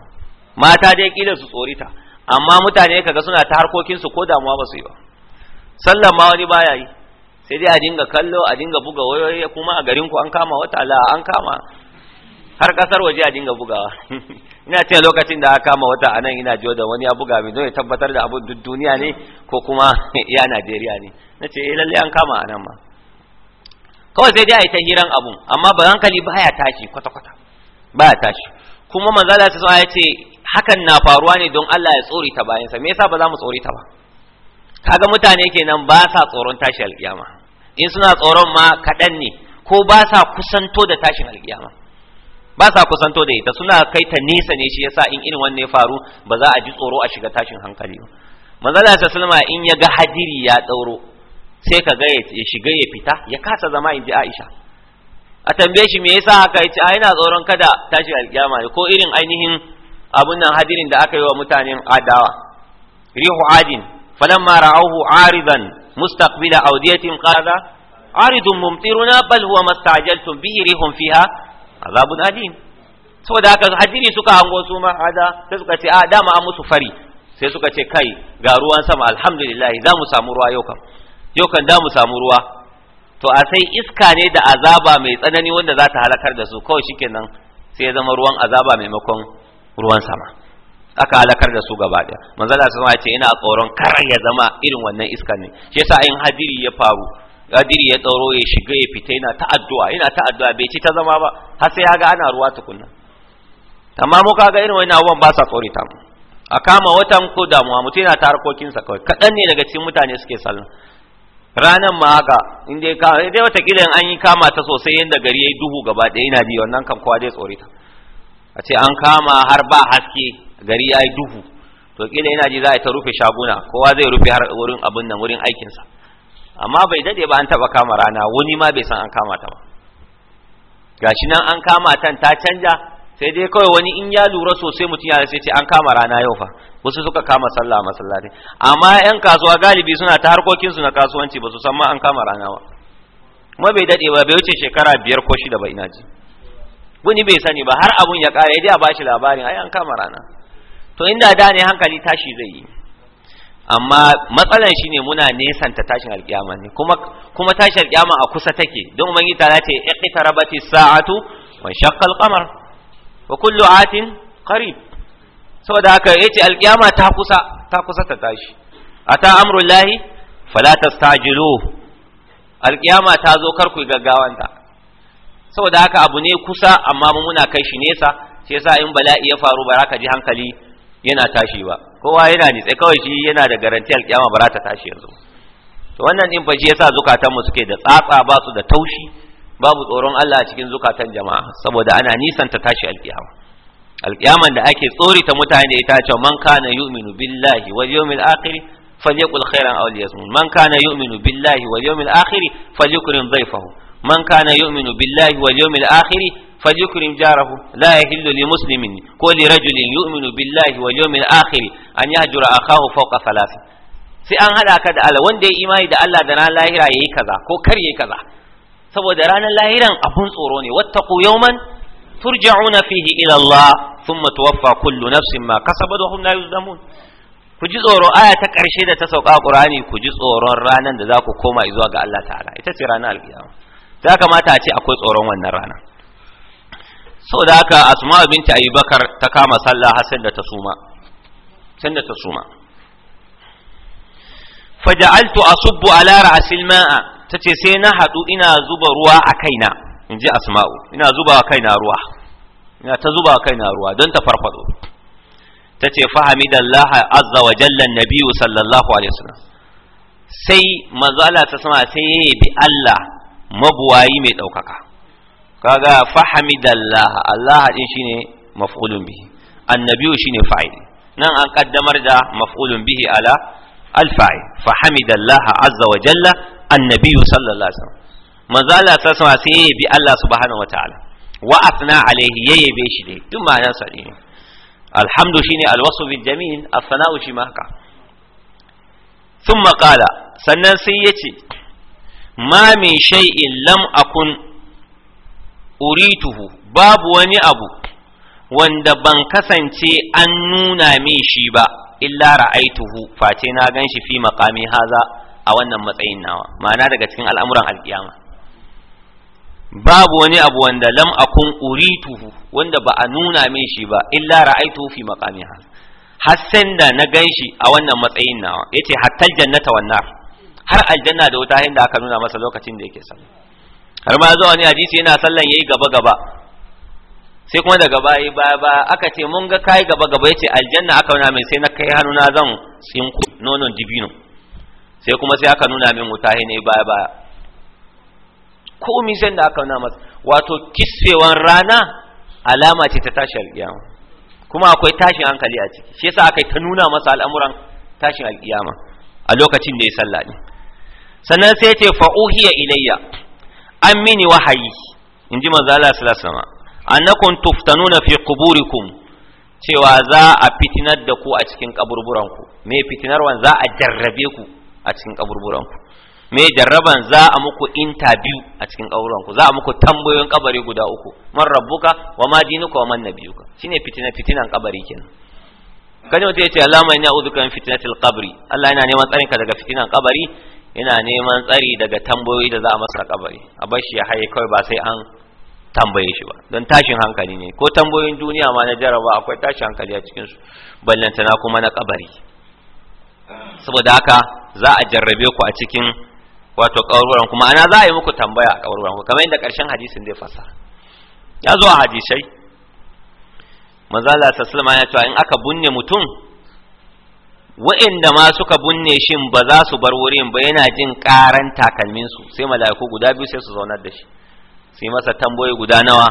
mata dai kila su tsorita amma mutane kaga suna ta harkokin su ko damuwa ba su yi ba sallan ma wani baya yi sai dai a dinga kallo a dinga buga wayoyi kuma a garin ku an kama wata la an kama har kasar waje a dinga bugawa *laughs* ina cewa lokacin da aka kama wata anan ina jiyo da wani ya buga mi don ya tabbatar da abin duk duniya ne ko kuma *laughs* ya Najeriya ne na ce eh lalle an kama anan ma kawai sai dai a yi ta hiran abun amma ba hankali baya tashi kwata-kwata Ba ya tashi kuma manzala ta ya ce hakan na faruwa ne don Allah ya tsori ta bayansa me yasa ba za mu tsori ta ba kaga mutane kenan ba sa tsoron tashi alkiyama in suna tsoron ma kaɗan ne ko ba sa kusanto da tashin alkiyama ba sa kusanto da ita suna kai ta nesa ne shi yasa in irin wannan ya faru ba za a ji tsoro a shiga tashin hankali ba manzala ta sallama in ya ga hadiri ya ɗauro sai ka ga ya shiga ya fita ya kasa zama in Aisha a tambaye shi me yasa haka yace a yana tsoron kada tashi alkiyama ne ko irin ainihin abun nan hadirin da aka yi wa mutanen adawa rihu adin falamma ra'awhu aridan mustaqbila awdiyatin qala aridun mumtiruna bal huwa mastajaltum bihi rihum fiha azabun adin. saboda haka hadiri suka hango su ma hada sai suka ce a dama an musu fari sai suka ce kai ga ruwan sama alhamdulillah za mu samu ruwa yau kam yau kan da mu samu ruwa to a sai iska ne da azaba mai tsanani wanda za ta halakar da su kawai shikenan sai ya zama ruwan azaba maimakon ruwan sama aka halakar da su gaba ɗaya manzala sama ya ce ina tsoron kar ya zama irin wannan iska ne shi yasa in hadiri ya faru hadiri ya tsoro ya shiga ya fita yana ta addu'a yana ta addu'a bai ci ta zama ba har sai ya ga ana ruwa tukunna amma mu kaga irin wannan abubuwan ba sa tsorita mu a kama watan ko damuwa mutum yana ta harkokinsa kawai kaɗan ne daga cikin mutane suke sallah ranan ma haka in dai ka dai wata kila in an yi kama ta sosai yanda gari yayi duhu gaba ɗaya ina ji wannan kan kowa zai tsore ta a ce an kama har ba haske gari yayi duhu to kila ina ji za a ta rufe shaguna kowa zai rufe har wurin abin nan wurin aikin sa amma bai dade ba an taba kama rana wani ma bai san an kama ta ba gashi nan an kama tan ta canja sai dai kawai wani in ya lura sosai mutum ya sai ce an kama rana yau fa wasu suka kama sallah masallaci amma yan kasuwa galibi suna ta harkokin su na kasuwanci ba su san ma an kama rana ba kuma bai dade ba bai wuce shekara biyar ko shida ba ina ji wani bai sani ba har abun ya kare dai a bashi labarin ai an kama rana to inda da ne hankali tashi zai yi amma matsalan shine muna nesan ta tashin alkiyama ne kuma kuma tashin alkiyama a kusa take don ubangiji ta ce iqtarabati sa'atu wa shaqqa al-qamar wa kullu atin qarib saboda haka yace alkiyama ta kusa ta kusa ta tashi ata amrullahi fala tastajilu alkiyama ta zo kar ku gaggawanta saboda haka abu ne kusa amma mu muna kai shi nesa sai yasa in bala'i ya faru ba za ka ji hankali yana tashi ba kowa yana sai kawai shi yana da garanti alkiyama ba za ta tashi yanzu to wannan din fa shi yasa zukatan mu suke da tsatsa ba su da taushi babu tsoron Allah cikin zukatan jama'a saboda ana nisan ta tashi alƙiyama. Alƙiyaman da ake tsorita mutane da ita ce man kana yu'minu billahi wal yawmil akhir falyaqul khairan aw liyasmut man kana yu'minu billahi wal yawmil akhir falyukrim dhayfahu man kana yu'minu billahi wal yawmil akhir فليكرم جاره لا يحل لمسلم كل رجل يؤمن بالله واليوم الآخر أن يهجر أخاه فوق ثلاث sai an hada ka da Allah wanda ya imani da Allah da na lahira yayi kaza ko kar yayi kaza saboda ranar lahiran abun tsoro ne wattaqu yawman turja'una fihi ila Allah thumma tuwaffa kullu nafsin ma kasabat wa hum la yuzlamun ku ji tsoro aya ta ƙarshe da ta sauka Qur'ani ku ji tsoron ranar da za ku koma zuwa ga Allah ta'ala ita ce ranar alƙiyama za kamata a ce akwai tsoron wannan rana saboda haka Asma binti Abubakar ta kama sallah har da ta suma sai da ta suma faja'altu asubbu ala ta ce sai na haɗu ina zuba ruwa a kaina in ji asma'u ina zuba wa kaina ruwa ina ta zuba wa kaina ruwa don ta farfado ta ce Allah azza wa jalla nabiyu sallallahu alaihi wasallam sai mazala ta sama sai ya bi Allah mabuwayi mai daukaka kaga fahimidallah Allah din shine maf'ulun bihi annabiyu shine fa'il nan an kaddamar da maf'ulun bihi ala alfa'i fa hamidallaha azza wa jalla annabi sallallahu alaihi wasallam manzo Allah sallallahu alaihi wasallam sai bi Allah subhanahu wataala wa athna alaihi yayyabe shi dai duk ma'ana sa ne alhamdu shine alwasu bil jamil as-sana'u shi ma haka thumma qala sannan sai yace ma min shay'in lam akun urituhu babu wani abu wanda ban kasance an nuna min shi ba illa ra'aituhu face na ganshi fi maqami haza a wannan matsayin nawa ma'ana daga cikin al'amuran alkiyama babu wani abu wanda lam akun urituhu wanda ba a nuna min shi ba illa ra'aituhu fi maqami haza har da na ganshi a wannan matsayin nawa yace hatta jannata wannan har aljanna da wuta inda aka nuna masa lokacin da yake sallah har ma zuwa wani hadisi yana sallan yayi gaba gaba sai kuma daga baya baya ba aka ce mun ga kai gaba gaba yace aljanna aka nuna min sai na kai hannu na zan ku nonon dibino sai kuma sai aka nuna min wuta ne baya baya mi san da aka nuna masa wato kisfewan rana alama ce ta tashi alkiyama kuma akwai tashin hankali a ciki shi yasa aka ta nuna masa al'amuran tashin alkiyama a lokacin da ya sallah ne sannan sai ya ce fa uhiya ilayya an mini wahayi in ji manzo Allah sallallahu alaihi wasallam annakum tuftanuna fi quburikum cewa za a fitinar da ku a cikin kaburburanku me fitinarwan za a jarrabe ku a cikin kaburburanku me jarraban za a muku interview a cikin kaburburanku za a muku tambayoyin kabari guda uku man rabbuka wa ma dinuka wa man nabiyuka shine fitina fitinan kabari kenan kaje wata yace Allah mai na'udhu min fitnatil qabri Allah yana neman tsarin ka daga fitinan kabari yana neman tsari daga tambayoyi da za a masa kabari a bar shi ya haye kawai ba sai an tambaye shi ba don tashin hankali ne ko tambayoyin duniya ma na jaraba akwai tashin hankali a cikinsu su ballantana kuma na kabari saboda haka za a jarrabe ku a cikin wato kaburburan kuma ana za a yi muku tambaya a kaburburan ku kamar yadda karshen hadisin zai fasa ya zo a hadisai manzo Allah ya ce in aka bunne mutum wa'inda ma suka bunne shin ba za su bar wurin ba yana jin ƙaran takalminsu sai mala'iku guda biyu sai su zaunar da shi su masa tambayi guda nawa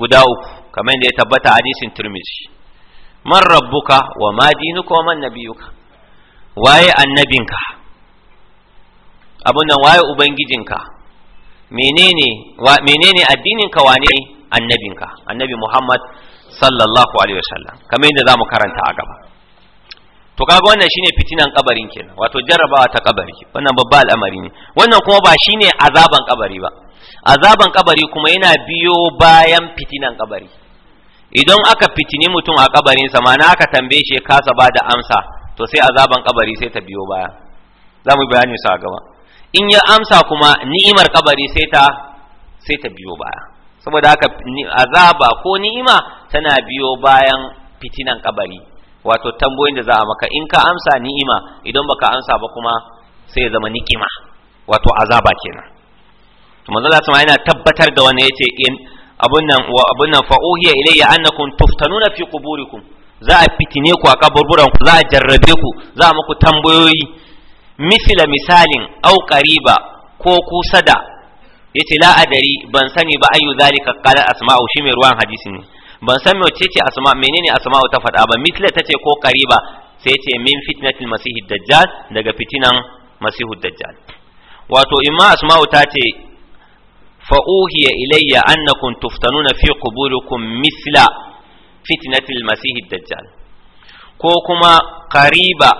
guda uku kamar da ya tabbata hadisin Tirmidhi man rabbuka wa ma dinuka wa man nabiyuka waye annabinka abun nan waye ubangijinka menene wa menene addininka wane annabinka annabi Muhammad sallallahu alaihi wasallam kamar yadda zamu karanta a gaba to kaga wannan shine fitinan kabarin kenan wato jarrabawa ta kabari wannan babba al'amari ne wannan kuma ba shine azaban kabari ba azaban kabari kuma yana biyo bayan fitinan kabari idan aka fitini mutum a kabarin sa mana aka tambaye shi kasa ba da amsa to sai azaban kabari sai ta biyo baya za mu bayani sa gaba in ya amsa kuma ni'imar kabari sai ta sai ta biyo baya saboda haka azaba ko ni'ima tana biyo bayan fitinan kabari wato tambayoyin da za a maka in ka amsa ni'ima idan baka amsa ba kuma sai ya zama nikima wato azaba kenan to manzo Allah sama yana tabbatar da wani yace in abun nan wa abun nan fa uhiya ilayya annakum tuftanuna fi quburikum za a fitine ku a kaburburan ku za a jarrabe ku za a muku tambayoyi misila misalin au qariba ko kusa da yace la adari ban sani ba ayu zalika qala asma'u shi mai ruwan hadisi ne ban san mece ce asma menene asma'u ta faɗa ba misla tace ko qariba sai ce min fitnatil masihid dajjal daga fitinan masihud dajjal wato imma asma'u ta ce fa uhiya ilayya annakum tuftanuna fi quburikum misla fitnatil masihid dajjal ko kuma qariba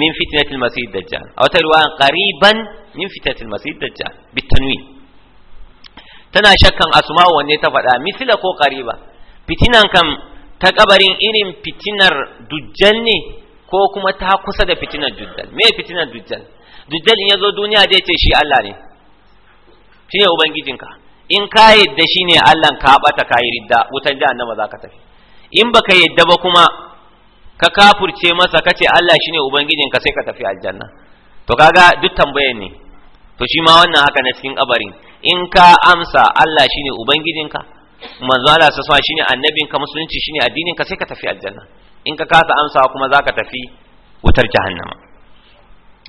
min fitnatil masihid dajjal a wata riwayan qariban min fitnatil masihid dajjal bitanwin tana shakkan asma'u wanne ta faɗa misla ko qariba fitinan kam ta kabarin irin fitinar dujjal ne ko kuma ta kusa da fitinar dujjal me fitinar dujjal dujjal in yazo duniya zai ce shi Allah ne shi ne ubangijinka in ka yadda shi ne Allah ka bata ka yi ridda wutan jahannama za ka tafi in baka yadda ba kuma ka kafurce masa kace Allah shine ubangijinka sai ka tafi aljanna to kaga duk tambayan ne to shi ma wannan haka na cikin kabarin in ka amsa Allah shine ubangijinka manzo Allah sa sa shine annabin ka musulunci shine addinin ka sai ka tafi aljanna in ka kasa amsa kuma zaka tafi wutar jahannama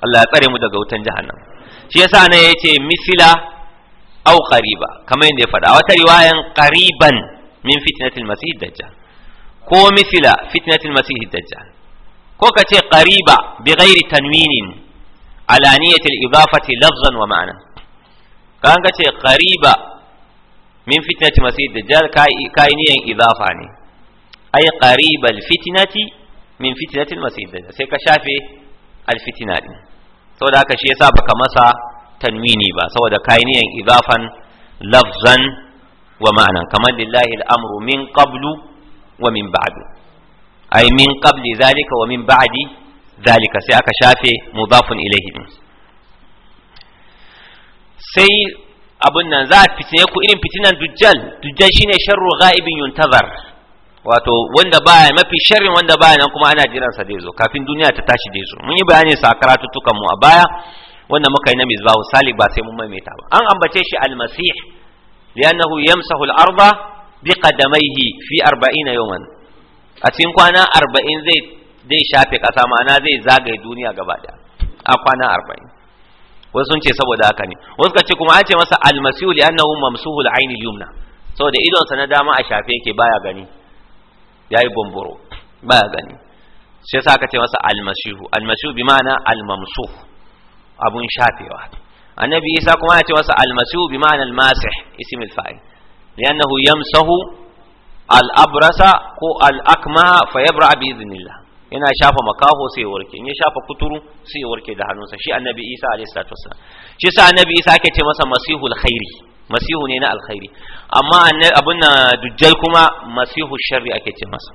Allah ya tsare mu daga wutan jahannama shi yasa ne yace misila au qariba kamar yadda ya faɗa wata riwayan qariban min fitnatil masih dajjal ko misila fitnatil masih dajjal ko ka ce qariba bi ghairi tanwinin ala niyatil idafati lafzan wa ma'ana kan ka ce qariba min fitnati masih dajjal kai idafa ne ai qaribal fitnati min fitnati masih dajjal sai ka shafe al fitna din saboda haka shi yasa baka masa tanwini ba saboda kai niyan idafan lafzan wa ma'anan kamar lillahi al-amru min qablu wa min ba'du ai min qabli zalika wa min ba'di zalika sai aka shafe mudafun ilayhi sai abin nan za a fitine ku irin fitinan dujjal dujjal shine sharru ghaibin yuntazar wato wanda baya mafi sharrin wanda baya nan kuma ana jiran sa zai zo kafin duniya ta tashi zai zo mun yi bayani sa karatuttukan mu a baya wanda muka yi na misbahu salik ba sai mun maimaita ba an ambace shi almasih li'annahu yamsahu al-arda biqadamaihi fi 40 yawman a cikin kwana 40 zai zai shafe kasa ma'ana zai zagaye duniya gaba daya a kwana 40 wasu sun ce saboda haka ne wasu ka ce kuma an ce masa almasihu li annahu mamsuhu al ayn al yumna saboda idon sa na dama a shafe yake baya gani yayi bomboro baya gani sai yasa aka ce masa almasihu almasihu bi ma'ana almamsuh abun shafewa annabi isa kuma ya ce masa almasihu bi ma'ana almasih ism al abrasa ko al akma fa yabra bi idnillah yana shafa makaho sai ya warke in ya shafa kuturu sai ya warke da hannunsa shi annabi isa alaihi salatu shi sa annabi isa ake ce masa masihul khairi masihu ne na alkhairi amma abin na dujjal kuma masihu sharri ake ce masa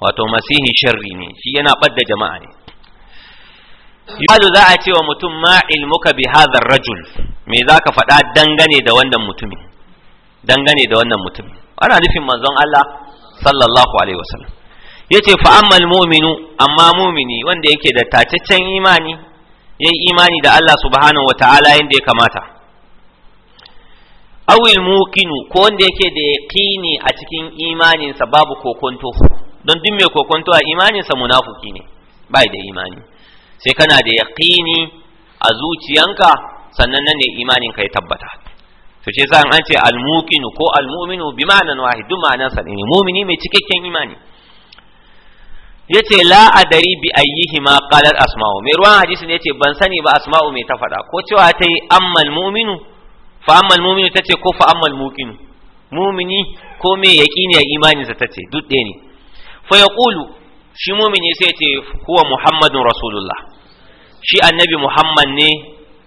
wato masihi sharri ne shi yana badda jama'a ne yalo za a ce wa mutum ma ilmuka bi hadhar rajul me zaka faɗa dangane da wannan mutumin dangane da wannan mutumin ana nufin manzon Allah sallallahu alaihi wasallam yace fa fa'ammal mu'minu amma mu'mini wanda yake da tacaccen imani yayi imani da Allah subhanahu wataala yadda ya kamata awil mukinu ko wanda yake da yaqini a cikin imaninsa babu kokonto don duk mai kokonto a imaninsa munafiki ne bai da imani sai kana da yaqini a zuciyanka sannan nan ne imanin ka ya tabbata to ce sa an ce al ko al-mu'minu bi ma'anan wahid duk ma'anansa ne mu'mini mai cikakken imani Ya ce la adari bi hima kalar asma'u mai ruwan hadisi ne ce ban sani ba asma'u mai ta faɗa ko cewa ta yi ammal mu'minu fa ammal mu'minu tace ko fa ammal mukinu mu'mini ko me yaqini ya imanin sa tace duk ɗaya ne fa ya ƙulu shi mu'mini sai yace huwa muhammadun rasulullah shi annabi muhammad ne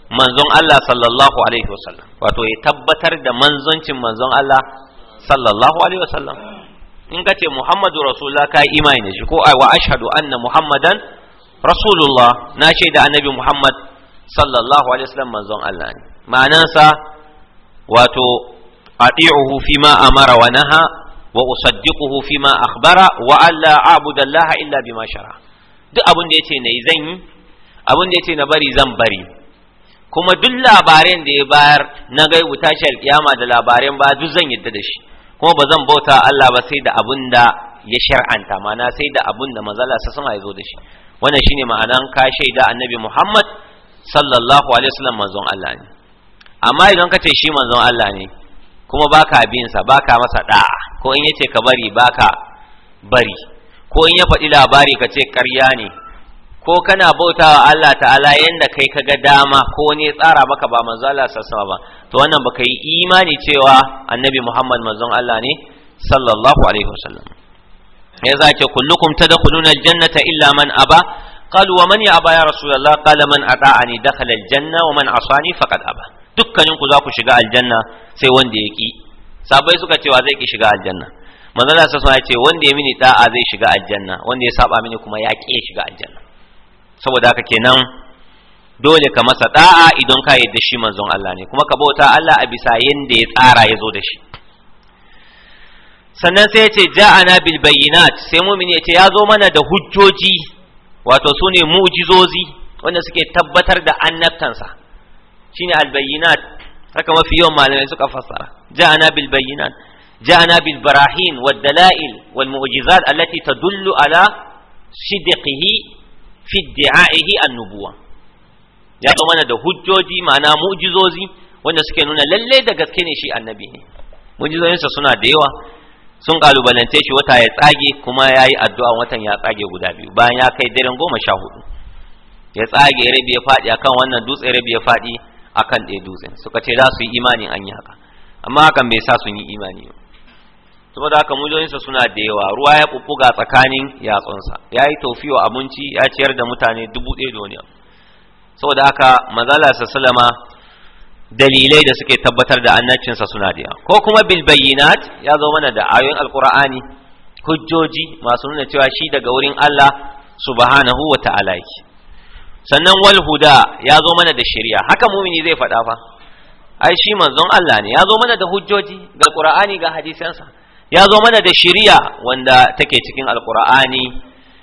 manzon Allah sallallahu alaihi wasallam wato ya tabbatar da manzoncin manzon Allah sallallahu alaihi wasallam in ka ce muhammadu rasulullah ka yi imani da shi ko wa ashadu anna muhammadan rasulullah na da annabi muhammad sallallahu alaihi wasallam manzon Allah ne ma'anansa wato ati'uhu fi ma amara wa naha wa usaddiquhu fi ma akhbara wa alla a'budu Allah illa bima shara duk abin da yace nayi zan yi abin da yace na bari zan bari kuma duk labarin da ya bayar na gaibu tashi alkiyama da labarin ba duk zan yadda da shi kuma ba zan bauta Allah ba sai da abun da ya shar'anta mana sai da abun da manzala sa sama ya zo da shi wannan shine ma'anan ka shaida annabi Muhammad sallallahu alaihi wasallam manzon Allah ne amma idan ka ce shi manzon Allah ne kuma baka bin sa baka masa da'a ko in yace ka bari baka bari ko in ya faɗi labari ka ce ƙarya ne ko kana bautawa Allah ta'ala yanda kai kaga dama ko wani ya tsara maka ba manzo Allah sallallahu ba to wannan baka yi imani cewa annabi Muhammad manzon Allah ne sallallahu alaihi wasallam ya zace kullukum tadkhuluna aljannata illa man aba wa قالوا ومن يأبى يا رسول man قال من أطاعني دخل الجنة ومن عصاني فقد أبى dukkaninku za ku shiga aljanna sai wanda ya ki sabai suka cewa zai ki shiga aljanna manzon Allah sallallahu alaihi wasallam ya ce wanda ya mini da'a zai shiga aljanna wanda ya saba mini kuma ya ki shiga aljanna saboda haka kenan dole ka masa da'a idan ka yadda shi manzon Allah ne kuma ka bauta Allah a bisa yanda ya tsara ya zo da shi sannan sai ya ce ja'ana bil bayyinat sai mu'mini ya ce ya zo mana da hujjoji wato su ne mu'jizozi wanda suke tabbatar da annabtansa shine al bayyinat haka mafi yawan malamai suka fassara ja'ana bil bayyinat ja'ana bil barahin wad dalail wal mu'jizat allati tadullu ala sidqihi fi da'aihi annubuwa ya zo mana da hujjoji ma'ana mu'jizozi wanda suke nuna lalle da gaske ne shi annabi ne mu'jizozinsa suna da yawa sun kalubalance shi wata ya tsage kuma ya yi addu'a watan ya tsage guda biyu bayan ya kai daren goma sha hudu ya tsage ya ya faɗi akan wannan dutse ya ya faɗi akan ɗaya dutse suka ce za su yi imani an yi haka amma hakan bai sa sun yi imani ba saboda haka mujoyinsa suna da yawa ruwa ya bubuga tsakanin yatsunsa ya yi taufi wa abinci ya ciyar da mutane dubu ɗaya duniya saboda haka manzala salama, dalilai da suke tabbatar da annacinsa suna da yawa ko kuma bil bayyinat ya zo mana da ayoyin alqur'ani hujjoji masu nuna cewa shi daga wurin Allah subhanahu wa ta'ala yake sannan wal huda ya zo mana da shari'a haka mumini zai faɗa fa ai shi manzon Allah ne ya zo mana da hujjoji ga qur'ani ga hadisansa ya zo mana da shiriya wanda take cikin alqur'ani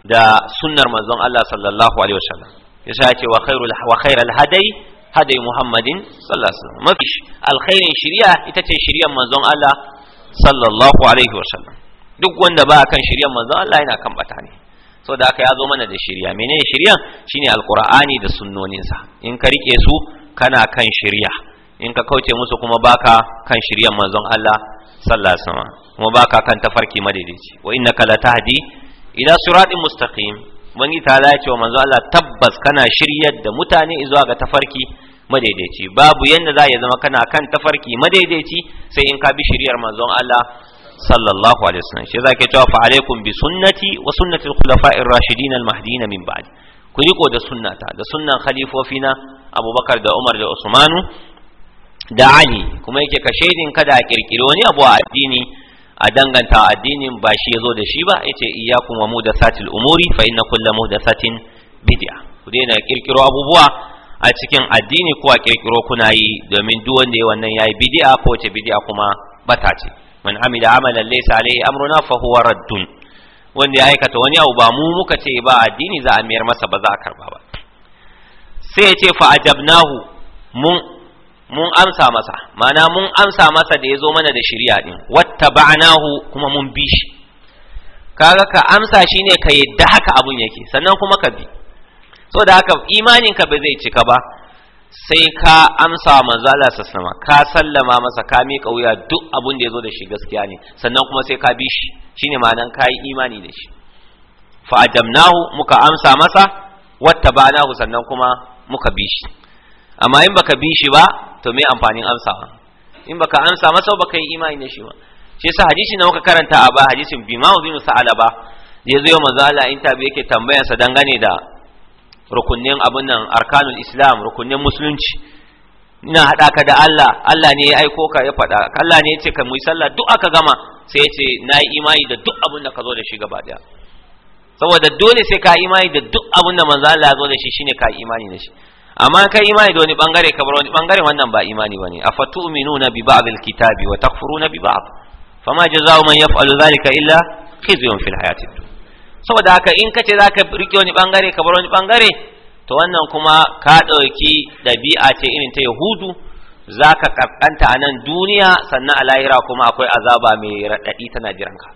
da sunnar manzon Allah sallallahu alaihi wasallam sa ce wa khairul wa khairul hadai hadai muhammadin sallallahu alaihi wasallam mafi alkhairin shiriya ita ce shiriyar manzon Allah sallallahu alaihi wasallam duk wanda ba kan shiriyar manzon Allah yana kan bata ne saboda haka ya zo mana da shiriya menene shiriyan shine alqur'ani da sunnoninsa in ka rike su kana kan shiriya in ka kauce musu kuma baka kan shiriyar manzon Allah sallallahu alaihi wasallam kuma baka kan tafarki madaidaici wa innaka idan ila siratin mustaqim wani ta ya ce wa manzo Allah tabbas kana shiryar da mutane zuwa ga tafarki madaidaici babu yanda za ya zama kana kan tafarki madaidaici sai in ka bi shiryar manzon Allah sallallahu alaihi wasallam shi zake cewa fa alaikum bi sunnati wa sunnati al-khulafa'i ar-rashidin al-mahdin min ku riko da sunnata da sunnan khalifofina Abubakar da Umar da Usmanu da Ali kuma yake ka shaidin kada a kirkiro ne abu a addini a danganta addinin ba shi ya zo da shi ba ce yace mu da satin umuri fa mu da satin bid'a ku daina kirkiro abubuwa a cikin addini ko a kirkiro kuna yi domin duk wanda ya wannan yayi bid'a ko wace bid'a kuma bata ce man amila amalan laysa alayhi amruna fa huwa raddun wanda ya aikata wani abu ba mu muka ce ba addini za a mayar masa ba za a karba ba sai ya ce fa ajabnahu mun mun amsa masa mana mun amsa masa da ya zo mana da shirya din wattaba'nahu kuma mun bi shi kaga ka amsa shine ka yadda haka abun yake sannan kuma ka bi so da haka imanin ka ba zai cika ba sai ka amsa manzo Allah sassama ka sallama masa ka miƙa wuya duk abun da ya zo da shi gaskiya ne sannan kuma sai ka bi shi shine ma'anan ka yi imani da shi fa ajamnahu muka amsa masa wattaba'nahu sannan kuma muka bi shi amma in baka bi shi ba to me amfanin amsawa in baka amsa masa baka yi imani da shi ba shi yasa hadisi na muka karanta a ba hadisin ma wa bin sa'alaba ya zo manzo Allah in tabi yake tambayar sa dangane da rukunnin abun nan arkanul islam rukunnin musulunci ina hada ka da Allah Allah ne ya aiko ka ya faɗa Allah ne ya ce ka mu sallah duk aka gama sai ya ce nayi imani da duk abun da ka zo da shi gaba daya saboda dole sai ka imani da duk abun da manzo Allah ya zo da shi shine ka imani da shi amma kai imani da wani bangare ka wani bangare wannan ba imani bane na bi ba'd kitabi wa takfuruna bi ba'd fama jazaa'u man yaf'alu dhalika illa khizyun fil hayatid dunya saboda haka in ka kace zaka rike wani bangare ka wani bangare to wannan kuma ka dauki dabi'a ce irin ta yahudu zaka kaskanta a nan duniya sannan a lahira kuma akwai azaba mai radadi tana jiranka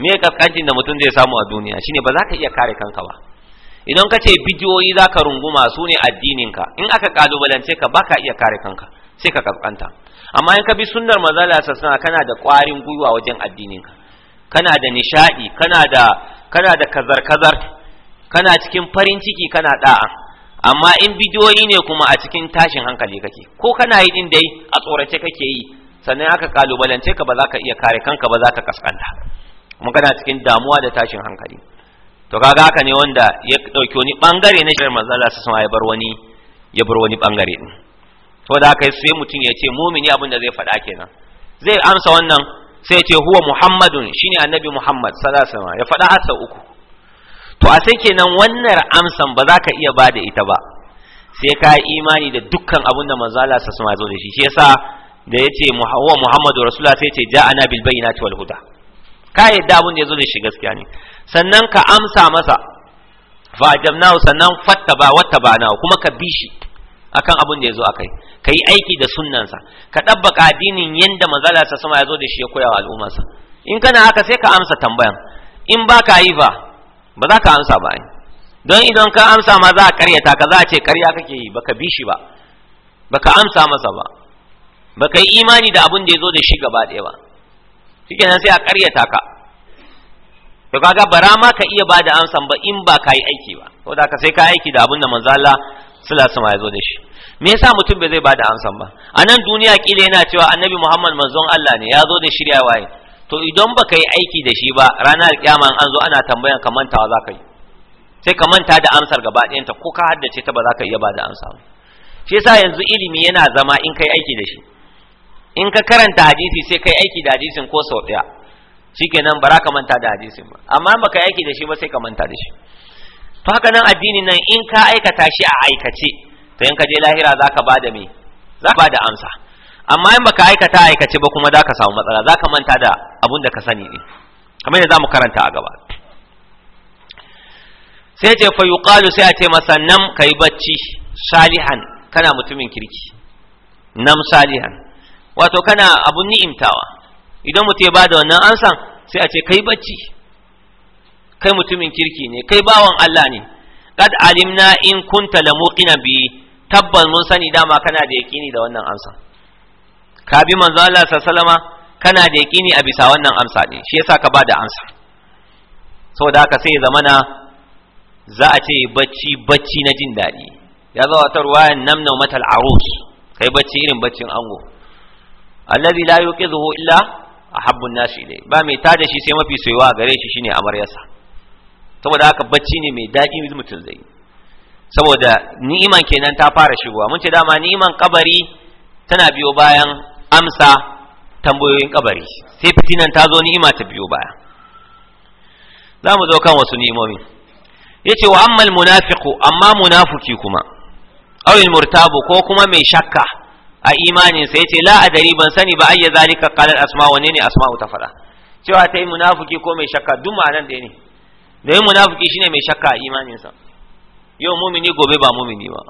me kaskancin da mutum zai samu a duniya shine ba za ka iya kare kanka ba idan ka ce bidiyoyi za ka runguma su ne addininka in aka kalubalance ka ba ka iya kare kanka sai ka kaskanta amma in ka bi sunnar manzala sassana kana da ƙwarin gwiwa wajen addininka kana da nishaɗi kana da kana da kazar-kazar kana cikin farin ciki kana da'a amma in bidiyoyi ne kuma a cikin tashin hankali kake ko kana yi din dai a tsorace kake yi sannan aka kalubalance ka ba za ka iya kare kanka ba za ka kaskanta kuma kana cikin damuwa da tashin hankali to kaga haka ne wanda ya dauki wani bangare na shirin manzon Allah sallallahu alaihi wani ya bar wani bangare din to da haka sai mutum ya ce mumini abin da zai faɗa kenan zai amsa wannan sai ya ce huwa muhammadun shine annabi muhammad sallallahu alaihi wasallam ya faɗa asa uku to a sai kenan wannan amsan ba za ka iya ba da ita ba sai ka imani da dukkan abin da manzon Allah sallallahu alaihi wasallam ya zo da shi shi yasa da yace huwa muhammadu rasulullah sai ya ce ja'ana bil bayyinati wal huda ka yadda abin da ya zo da shi gaskiya ne sannan ka amsa masa fa ajabnahu sannan fattaba wattabana kuma ka bishi akan abun da ya akai ka aiki da sunnan sa ka ɗabbaka addinin yanda manzala sa sama ya zo da shi ya koya wa sa in kana haka sai ka amsa tambayan in baka ka yi ba ba za ka amsa ba don idan ka amsa ma za a karyata ka za a ce karya kake yi baka bishi ba baka amsa masa ba baka yi imani da abunda da ya da shi gaba daya ba nan sai a ƙaryata ka to kaga bara ma ka iya bada amsan ba in ba kai aiki ba da ka sai ka aiki da abin da manzo Allah sallallahu alaihi ya zo da shi me yasa mutum bai zai bada amsan ba anan duniya kila yana cewa annabi Muhammad manzon Allah ne ya zo da shirya waye to idan ba ka yi aiki da shi ba ranar kiyama an zo ana tambayan ka mantawa za ka sai ka manta da amsar gaba ɗayanta ko ka haddace ta ba za ka iya bada amsa ba shi yasa yanzu ilimi yana zama in kai aiki da shi in ka karanta hadisi sai kai aiki da hadisin ko sau ɗaya shikenan ba za ka manta da hadisin ba amma baka aiki da shi ba sai ka manta da shi to haka nan addinin nan in ka aikata shi a aikace to in ka je lahira za ka ba da me za ka ba da amsa amma in baka aikata a aikace ba kuma za ka samu matsala za ka manta da abun da ka sani ne kamar yadda za mu karanta a gaba sai ce fa yuqalu sai a ce masa nam kai bacci salihan kana mutumin kirki nam salihan wato kana abun ni'imtawa idan mutum ya bada wannan ansan sai a ce kai bacci kai mutumin kirki ne kai bawan Allah ne qad alimna in kunta muqina bi tabban mun sani dama kana da yakini da wannan amsa ka bi manzo Allah sallama kana da yakini a bisa wannan amsa ne shi yasa ka bada amsa saboda haka sai zamana za a ce bacci bacci na jin daɗi ya zawa wata ruwayan namna matal arus kai bacci irin baccin ango allazi la yuqidhu illa habbun nasi ilay ba mai tada shi sai mafi soyuwa gare shi shine amaryarsa saboda haka bacci ne mai daɗi mutum zai saboda ni'iman kenan ta fara shigowa mun ce dama ni'iman kabari tana biyo bayan amsa tambayoyin kabari sai fitinan ta zo ni'ima ta biyo baya za mu zo kan wasu ni'imomi yace wa ammal munafiqu amma munafiki kuma awil murtabu ko kuma mai shakka a imanin sa ce la adari ban sani ba ayya zalika qalat asma wa ne asma ta fada cewa tai munafiki ko mai shakka duk ma'anar da ne da munafiki shine mai shakka a imanin sa yau mumini gobe ba mumini ba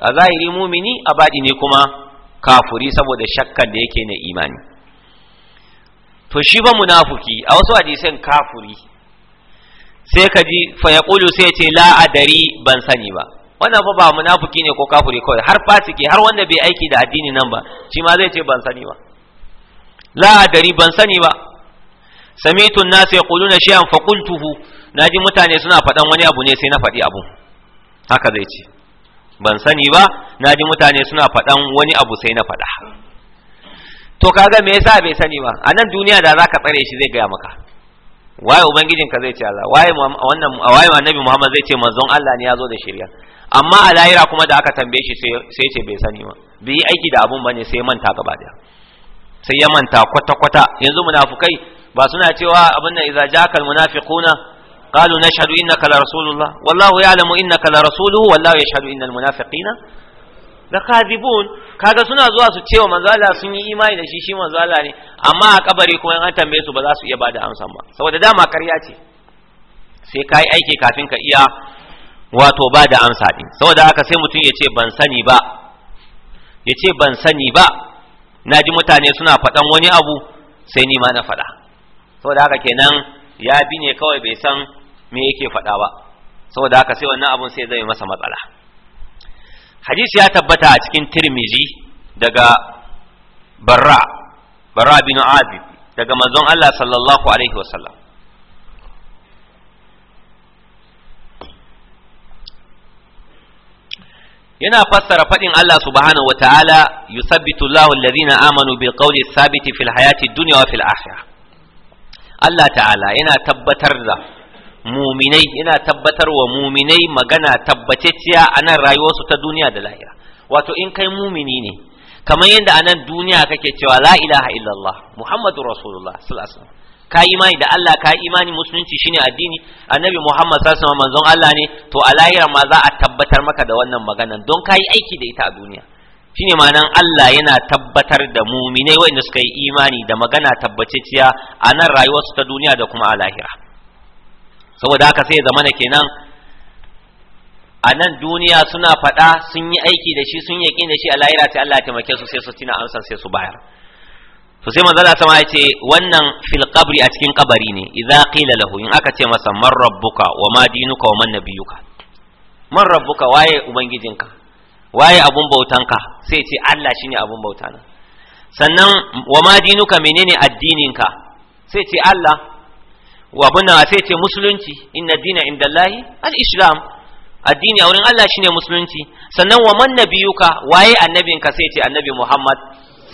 a zahiri mumini a badi ne kuma kafuri saboda shakkan da yake na imani to shi ba munafuki a wasu hadisan kafuri sai ka ji fa yaqulu sai ce la adari ban sani ba wannan fa ba munafiki ne ko kafiri kawai har fasiki har wanda bai aiki da addini nan ba shi ma zai ce ban sani ba la adari ban sani ba sami'tu an-nas yaquluna shay'an fa qultuhu naji mutane suna faɗan wani abu ne sai na faɗi abu haka zai ce ban sani ba naji mutane suna faɗan wani abu sai na faɗa to kaga me yasa bai sani ba a nan duniya da zaka tsare shi zai gaya maka waye ubangijinka zai ce Allah waye wannan waye annabi Muhammad zai ce manzon Allah ne ya zo da shari'a amma a lahira kuma da aka tambaye shi sai ce bai sani ba bai yi aiki da abun bane sai manta gaba daya sai ya manta kwata kwata yanzu munafukai ba suna cewa abin nan iza jakal munafiquna qalu nashhadu innaka la rasulullah wallahu ya'lamu innaka la rasuluhu wallahu yashhadu innal munafiqina lakadibun kaga suna zuwa su cewa manzo Allah sun yi imani da shi shi manzo Allah ne amma a kabari kuma an tambaye su ba za su iya bada amsa ba saboda dama karya ce sai kai aiki kafin ka iya wato ba da amsa din saboda haka sai mutum ya ce ban sani ba ya ce ban sani ba na ji mutane suna faɗan wani abu sai ni ma na faɗa saboda haka kenan ya bi ne kawai bai san me yake faɗa ba saboda haka sai wannan abun sai zai masa matsala hadisi ya tabbata a cikin tirmizi daga barra barra bin azib daga manzon Allah sallallahu alaihi wasallam yana fassara faɗin Allah subhanahu wataala yusabbitu Allahu alladhina amanu bil qawli sabiti fil hayati dunya wa fil akhirah Allah ta'ala yana tabbatar da muminai yana tabbatar wa muminai magana tabbatacciya a nan rayuwarsu ta duniya da lahira wato in kai mumini ne kamar yadda a nan duniya kake cewa la ilaha illallah muhammadu rasulullah sallallahu alaihi wasallam ka imani da Allah ka imani musulunci shine addini annabi Muhammad sallallahu alaihi manzon Allah ne to a lahira ma za a tabbatar maka da wannan magana don ka yi aiki da ita a duniya shine nan Allah yana tabbatar da muminai wanda suka yi imani da magana tabbatacciya a nan rayuwarsu ta duniya da kuma a lahira saboda haka sai zamana kenan a nan duniya suna faɗa sun yi aiki da shi sun yaƙi da shi a lahira sai Allah ya taimake su sai su tina amsar sai su bayar to sai manzala sama ya ce wannan fil qabri a cikin kabari ne idza qila lahu in aka ce masa man rabbuka wa ma dinuka wa man nabiyuka man rabbuka waye ubangijinka waye abun bautanka sai ce Allah shine abun bauta na sannan wa ma dinuka menene addininka sai ce Allah wa buna sai ce musulunci inna dina indallahi al-islam addini a wurin Allah shine musulunci sannan wa man nabiyuka waye annabinka sai ce annabi Muhammad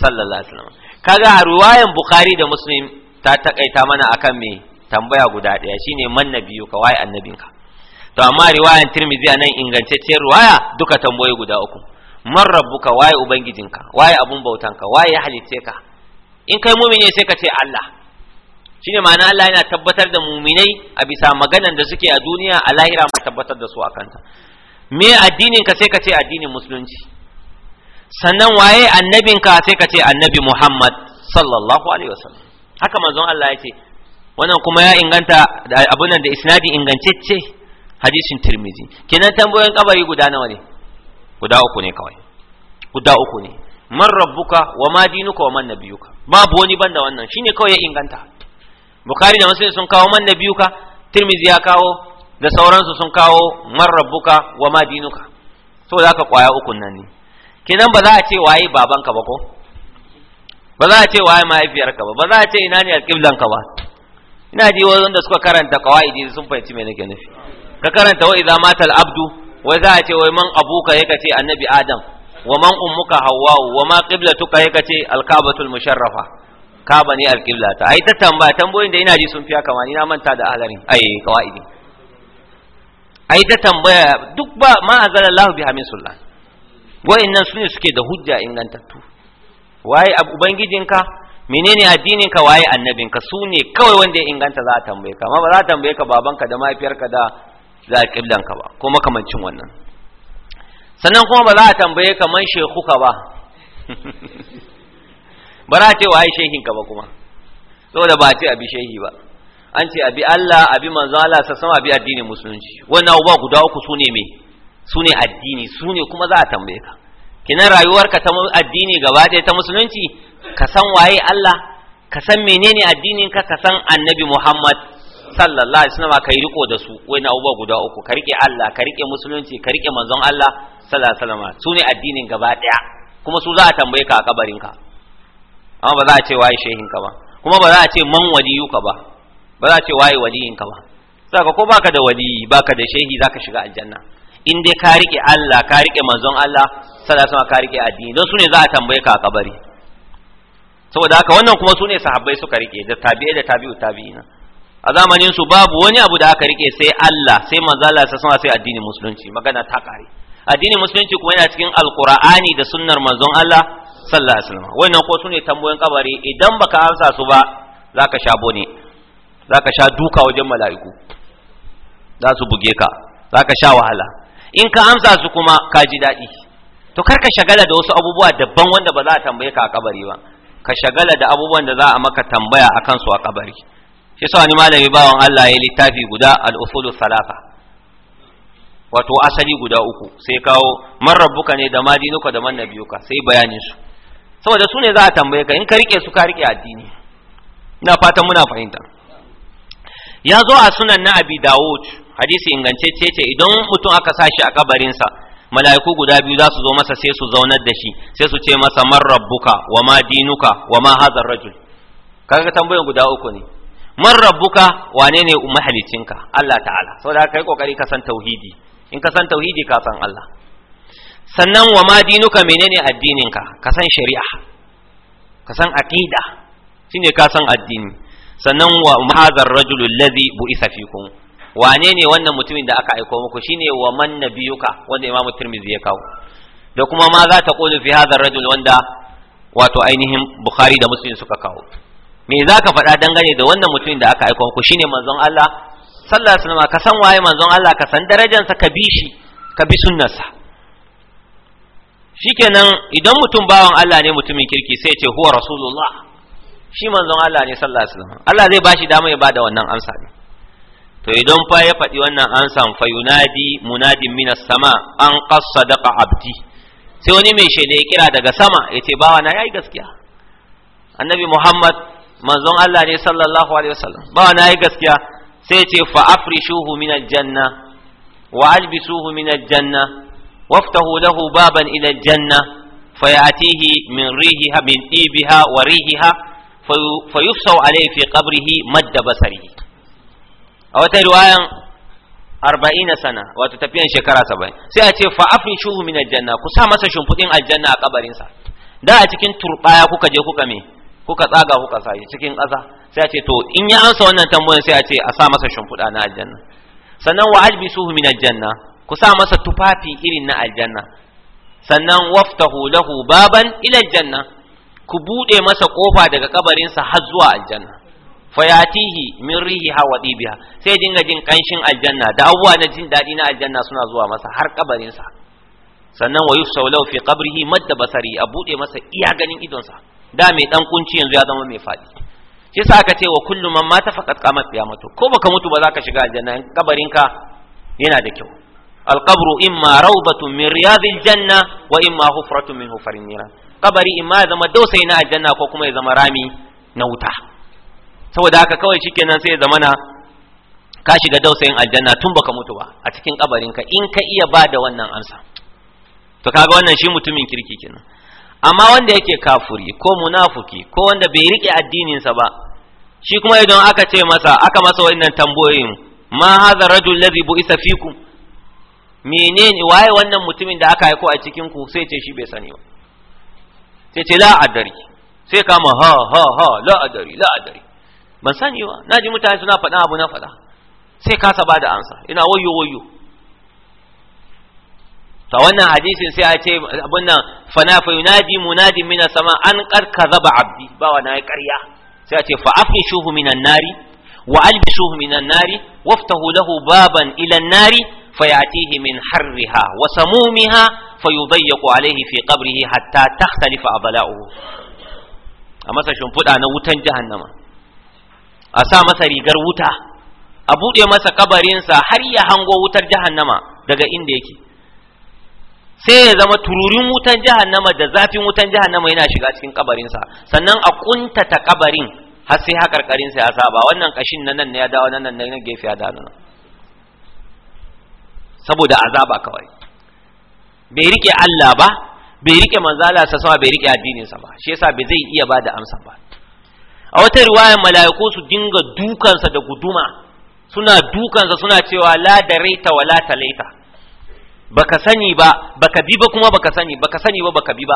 sallallahu alaihi wasallam kaga a ruwayan bukhari da muslim ta takaita mana akan me tambaya guda ɗaya shine man nabiyu ka waye annabinka to amma riwayan tirmidhi anan ingantacciyar ruwaya, duka tambayoyi guda uku man rabbuka waye ubangijinka waye abun bautanka waye ya halitte ka in kai mumini sai ka ce Allah shine ma'ana Allah yana tabbatar da muminai a bisa maganan da suke a duniya a lahira ma tabbatar da su a kanta me addinin ka sai ka ce addinin musulunci sannan waye annabinka sai ka ce annabi Muhammad sallallahu alaihi wasallam haka manzon Allah ya ce wannan kuma ya inganta abun nan da isnadi ce hadisin Tirmizi kenan tambayoyin kabari guda nawa ne guda uku ne kawai guda uku ne man rabbuka wa ma dinuka wa man nabiyuka babu wani banda wannan shine kawai ya inganta Bukhari da Muslim sun kawo man nabiyuka Tirmizi ya kawo da sauransu sun kawo man rabbuka wa ma dinuka saboda haka kwaya ukun nan ne Kinan ba za a ce waye babanka ba ko ba za a ce waye mahaifiyarka ba ba za a ce ina ne alƙiblanka ba ina ji wanda suka karanta kawaidi sun fahimci me nake nufi ka karanta wa idza matal abdu wai za a ce wai man abuka yake ce annabi adam wa man ummuka hawwa wa ma qiblatuka yake ce alkabatul musharrafa kaba ne ta ai ta tambaya tambayoyin da ina ji sun fiya ni na manta da alarin ai kawaidi ai ta tambaya duk ba ma azala Allah bi nan su ne suke da hujja ingantattu waye ubangijinka menene addininka waye annabinka su ne kawai wanda ya inganta za a tambaye ka amma ba za a tambaye ka babanka da mahaifiyarka da za a kiblanka ba ko makamancin wannan sannan kuma ba za a tambaye ka man shekuka ba *laughs* ba za a ce waye shehinka ba kuma saboda ba a ce abi shehi ba an ce abi Allah abi manzo Allah sassan abi addinin musulunci wannan abubuwa guda uku su ne me su ne addini su ne kuma za a tambaye ka kinan rayuwarka ta addini gaba ɗaya ta musulunci ka san waye Allah ka san menene addinin ka ka san annabi Muhammad sallallahu alaihi wasallam ka yi riko da su na abubuwa guda uku ka rike Allah ka rike musulunci ka rike manzon Allah sallallahu alaihi wasallam su ne addinin gaba ɗaya kuma su za a tambaye ka a kabarin ka amma ba za a ce waye shehin ka ba kuma ba za a ce man ka ba ba za a ce waye waliyin ka ba saka ko baka da waliyi baka da shehi zaka shiga aljanna in dai ka rike Allah ka rike manzon Allah sallallahu alaihi ka rike addini don su ne za a tambaye ka a kabari saboda haka wannan kuma su ne sahabbai suka rike da tabi'i da tabi'u tabi'ina a zamanin su babu wani abu da aka rike sai Allah sai manzon Allah sallallahu sai addinin musulunci magana ta kare addinin musulunci kuma yana cikin alqur'ani da sunnar manzon Allah sallallahu alaihi wasallam wannan ko su ne tambayoyin kabari idan baka amsa su ba zaka sha bone zaka sha duka wajen mala'iku za su buge ka zaka sha wahala in ka amsa su kuma ka ji daɗi to kar ka shagala da wasu abubuwa daban wanda ba za a tambaye ka a kabari ba ka shagala da abubuwan da za a maka tambaya a kansu a kabari shi sa wani malami bawan Allah ya littafi guda al salafa wato asali guda uku sai kawo man rabbuka ne da madinuka da man nabiyuka sai bayanin su saboda su ne za a tambaye ka in ka rike su ka rike addini ina fatan muna fahimta ya zo a sunan na abi dawud hadisi ingantacce ce idan mutum aka sa shi a kabarinsa mala'iku guda biyu za su zo masa sai su zaunar da shi sai su ce masa man rabbuka wa ma dinuka wa ma hazar rajul kaga tambayan guda uku ne man rabbuka wane ne mahalicinka Allah ta'ala saboda kai kokari ka san tauhidi in ka san tauhidi ka san Allah sannan wa ma dinuka menene addininka ka san shari'a ka san aqida shine ka san addini sannan wa hadha ar-rajul alladhi bu'itha fikum wane ne wannan mutumin da aka aiko muku shine wa man nabiyuka wanda imamu tirmidhi ya kawo da kuma ma za ta qulu fi hadha rajul wanda wato ainihin bukhari da muslim suka kawo me za ka faɗa dangane da wannan mutumin da aka aiko muku shine manzon Allah sallallahu alaihi wasallam ka san waye manzon Allah ka san darajarsa ka bi shi ka bi sunnarsa shikenan idan mutum bawan Allah ne mutumin kirki sai ya ce huwa rasulullah shi manzon Allah ne sallallahu alaihi wasallam Allah zai bashi dama ya bada wannan amsa ne to idan fa ya faɗi wannan an san fa yunadi munadin minas sama an qas abdi sai wani mai shaida ya kira daga sama ce bawa na yayi gaskiya annabi muhammad manzon Allah ne sallallahu alaihi wasallam bawa na yayi gaskiya sai yace fa afrishuhu min aljanna wa albisuhu min aljanna waftahu lahu baban ila aljanna fayatihi min rihiha min ibiha wa rihiha fayufsau alayhi fi qabrihi madda basarihi a wata riwayan arba'ina sana wato tafiyan shekara saba'in sai a ce fa'afin shuhu min aljanna ku sa masa shimfudin aljanna a kabarinsa da a cikin turbaya kuka je kuka me kuka tsaga kuka sa cikin ƙasa sai a ce to in ya ansa wannan tambayan sai a ce a sa masa shimfuda na aljanna sannan wa albisuhu min aljanna ku sa masa tufafi irin na aljanna sannan waftahu lahu baban ila aljanna ku buɗe masa kofa daga kabarinsa har zuwa aljanna fayatihi min rihi hawa dibiha sai dinga jin kanshin aljanna da abubuwa na jin daɗi na aljanna suna zuwa masa har kabarinsa sannan wa yusau lahu fi qabrihi madda basari a bude masa iya ganin idonsa da mai dan kunci yanzu ya zama mai faɗi shi sa aka ce wa kullu man mata faqad qamat qiyamatu ko baka mutu ba za ka shiga aljanna kabarinka yana da kyau القبر إما روضة من رياض الجنة وإما حفرة من حفر النيران zama إما na aljanna ko kuma ya zama rami na wuta. saboda haka kawai shikenan sai ya na ka shiga dausayin aljanna tun baka mutu ba a cikin kabarin ka in ka iya ba da wannan amsa to kaga wannan shi mutumin kirki kenan amma wanda yake kafuri ko munafuki ko wanda bai rike addinin sa ba shi kuma idan aka ce masa aka masa wannan tambayoyin ma hadha rajul ladhi bu'isa fikum menene waye wannan mutumin da aka haiko a cikin ku sai ce shi bai sani ba sai ce la adari sai kama ha ha ha la adari la adari ban sani ba na ji mutane suna faɗa abu na faɗa sai kasa ba da ansa ina wayo wayo ta wannan hadisin sai a ce abin nan fana fa yunadi munadi min sama an qad kadhaba abdi ba wa nayi ƙarya sai a ce fa afishuhu minan nari wa albishuhu minan nari waftahu lahu baban ila nari فيأتيه من alaihi fi فيضيق عليه في قبره حتى تختلف a masa سشنفد أنا wutan jahannama. a sa masa rigar wuta a buɗe masa kabarinsa har ya hango wutar jahannama daga inda yake sai ya zama tururin wutan jahannama da zafin wutan jahannama yana shiga cikin kabarinsa sannan a kuntata kabarin har sai haƙarƙarinsa ya saba wannan ƙashin na nan ya dawo nan na gefe ya dawo nan saboda azaba kawai bai riƙe Allah ba bai rike manzala sa sama bai riƙe addinin sa ba shi yasa bai zai iya bada amsa ba a wata riwayar mala'iku su dinga dukansa da guduma suna dukansa suna cewa la da raita wa la talaita baka sani ba baka bi ba kuma baka sani baka sani ba baka bi ba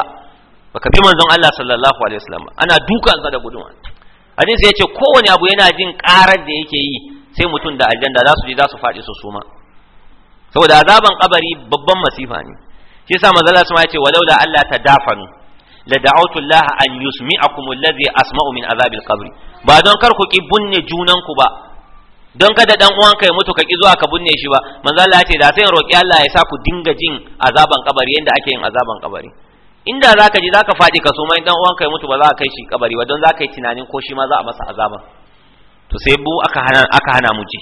baka bi manzon Allah sallallahu alaihi wasallam ana dukansa da guduma sai yace kowane abu yana jin karar da yake yi sai mutum da aljanna za su je za su faɗi su suma saboda azaban kabari babban masifa ne shi yasa manzon Allah ya ce walau da Allah ta mu la da'awtu Allah an yusmi'akum alladhi asma'u min azabil qabr ba don kar ku ki bunne junan ba don kada dan uwan kai mutu ka ki zuwa ka bunne shi ba manzo Allah ya ce da sai roki Allah ya sa ku dinga jin azaban kabari yanda ake yin azaban kabari inda zaka ji zaka fadi ka so mai dan uwan kai mutu ba za ka kai shi kabari ba don za yi tunanin ko shi ma za a masa azaban to sai bu aka hana aka hana mu ji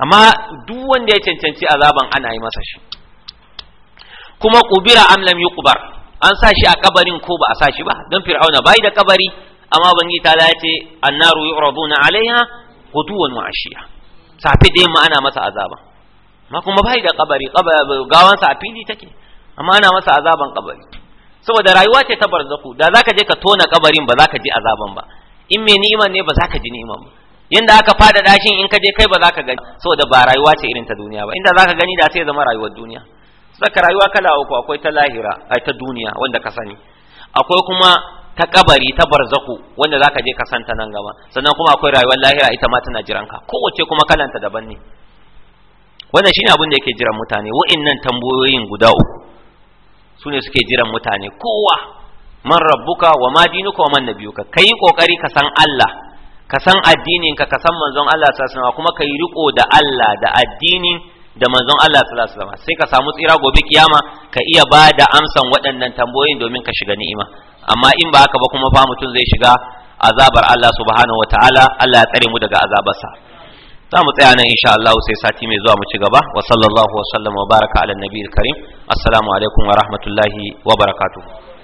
amma duk wanda ya cancanci azaban ana yi masa shi kuma kubira am lam yuqbar an sa shi a kabarin ko ba a sa shi ba don fir'auna bai da kabari amma bangi ta lace annaru yu'raduna alaiha quduwan wa ashiya safi dai ma ana masa azaba ma kuma bai da kabari gawan sa fili take amma ana masa azaban kabari saboda rayuwa ce ta barzaku da zaka je ka tona kabarin ba zaka ji azaban ba in me ni'iman ne ba zaka ji ni'iman ba yanda aka fada dashin in ka je kai ba zaka gani saboda ba rayuwa ce irin ta duniya ba inda zaka gani da sai zama rayuwar duniya saka rayuwa kala uku akwai ta lahira ai ta duniya wanda ka sani akwai kuma ta kabari ta barzaku wanda zaka je ka santa nan gaba sannan kuma akwai rayuwar lahira ita ma tana jiran ka kowace kuma kalanta daban ne wannan shine abin da yake jiran mutane wa'annan tambayoyin guda uku sune suke jiran mutane kowa man rabbuka wa ma dinuka wa man nabiyuka kai kokari ka san Allah ka san addininka ka san manzon Allah sallallahu alaihi kuma kai riko da Allah da addinin da manzon Allah sallallahu alaihi sai ka samu tsira gobe kiyama ka iya ba da amsan waɗannan tambayoyi domin ka shiga ni'ima amma in ba haka ba kuma fa mutum zai shiga azabar Allah subhanahu wataala Allah ya tsare mu daga azabarsa za mu tsaya nan insha Allah sai sati mai zuwa mu ci gaba wa sallallahu wa sallama wa baraka ala nabiyil karim assalamu alaikum wa rahmatullahi wa barakatuh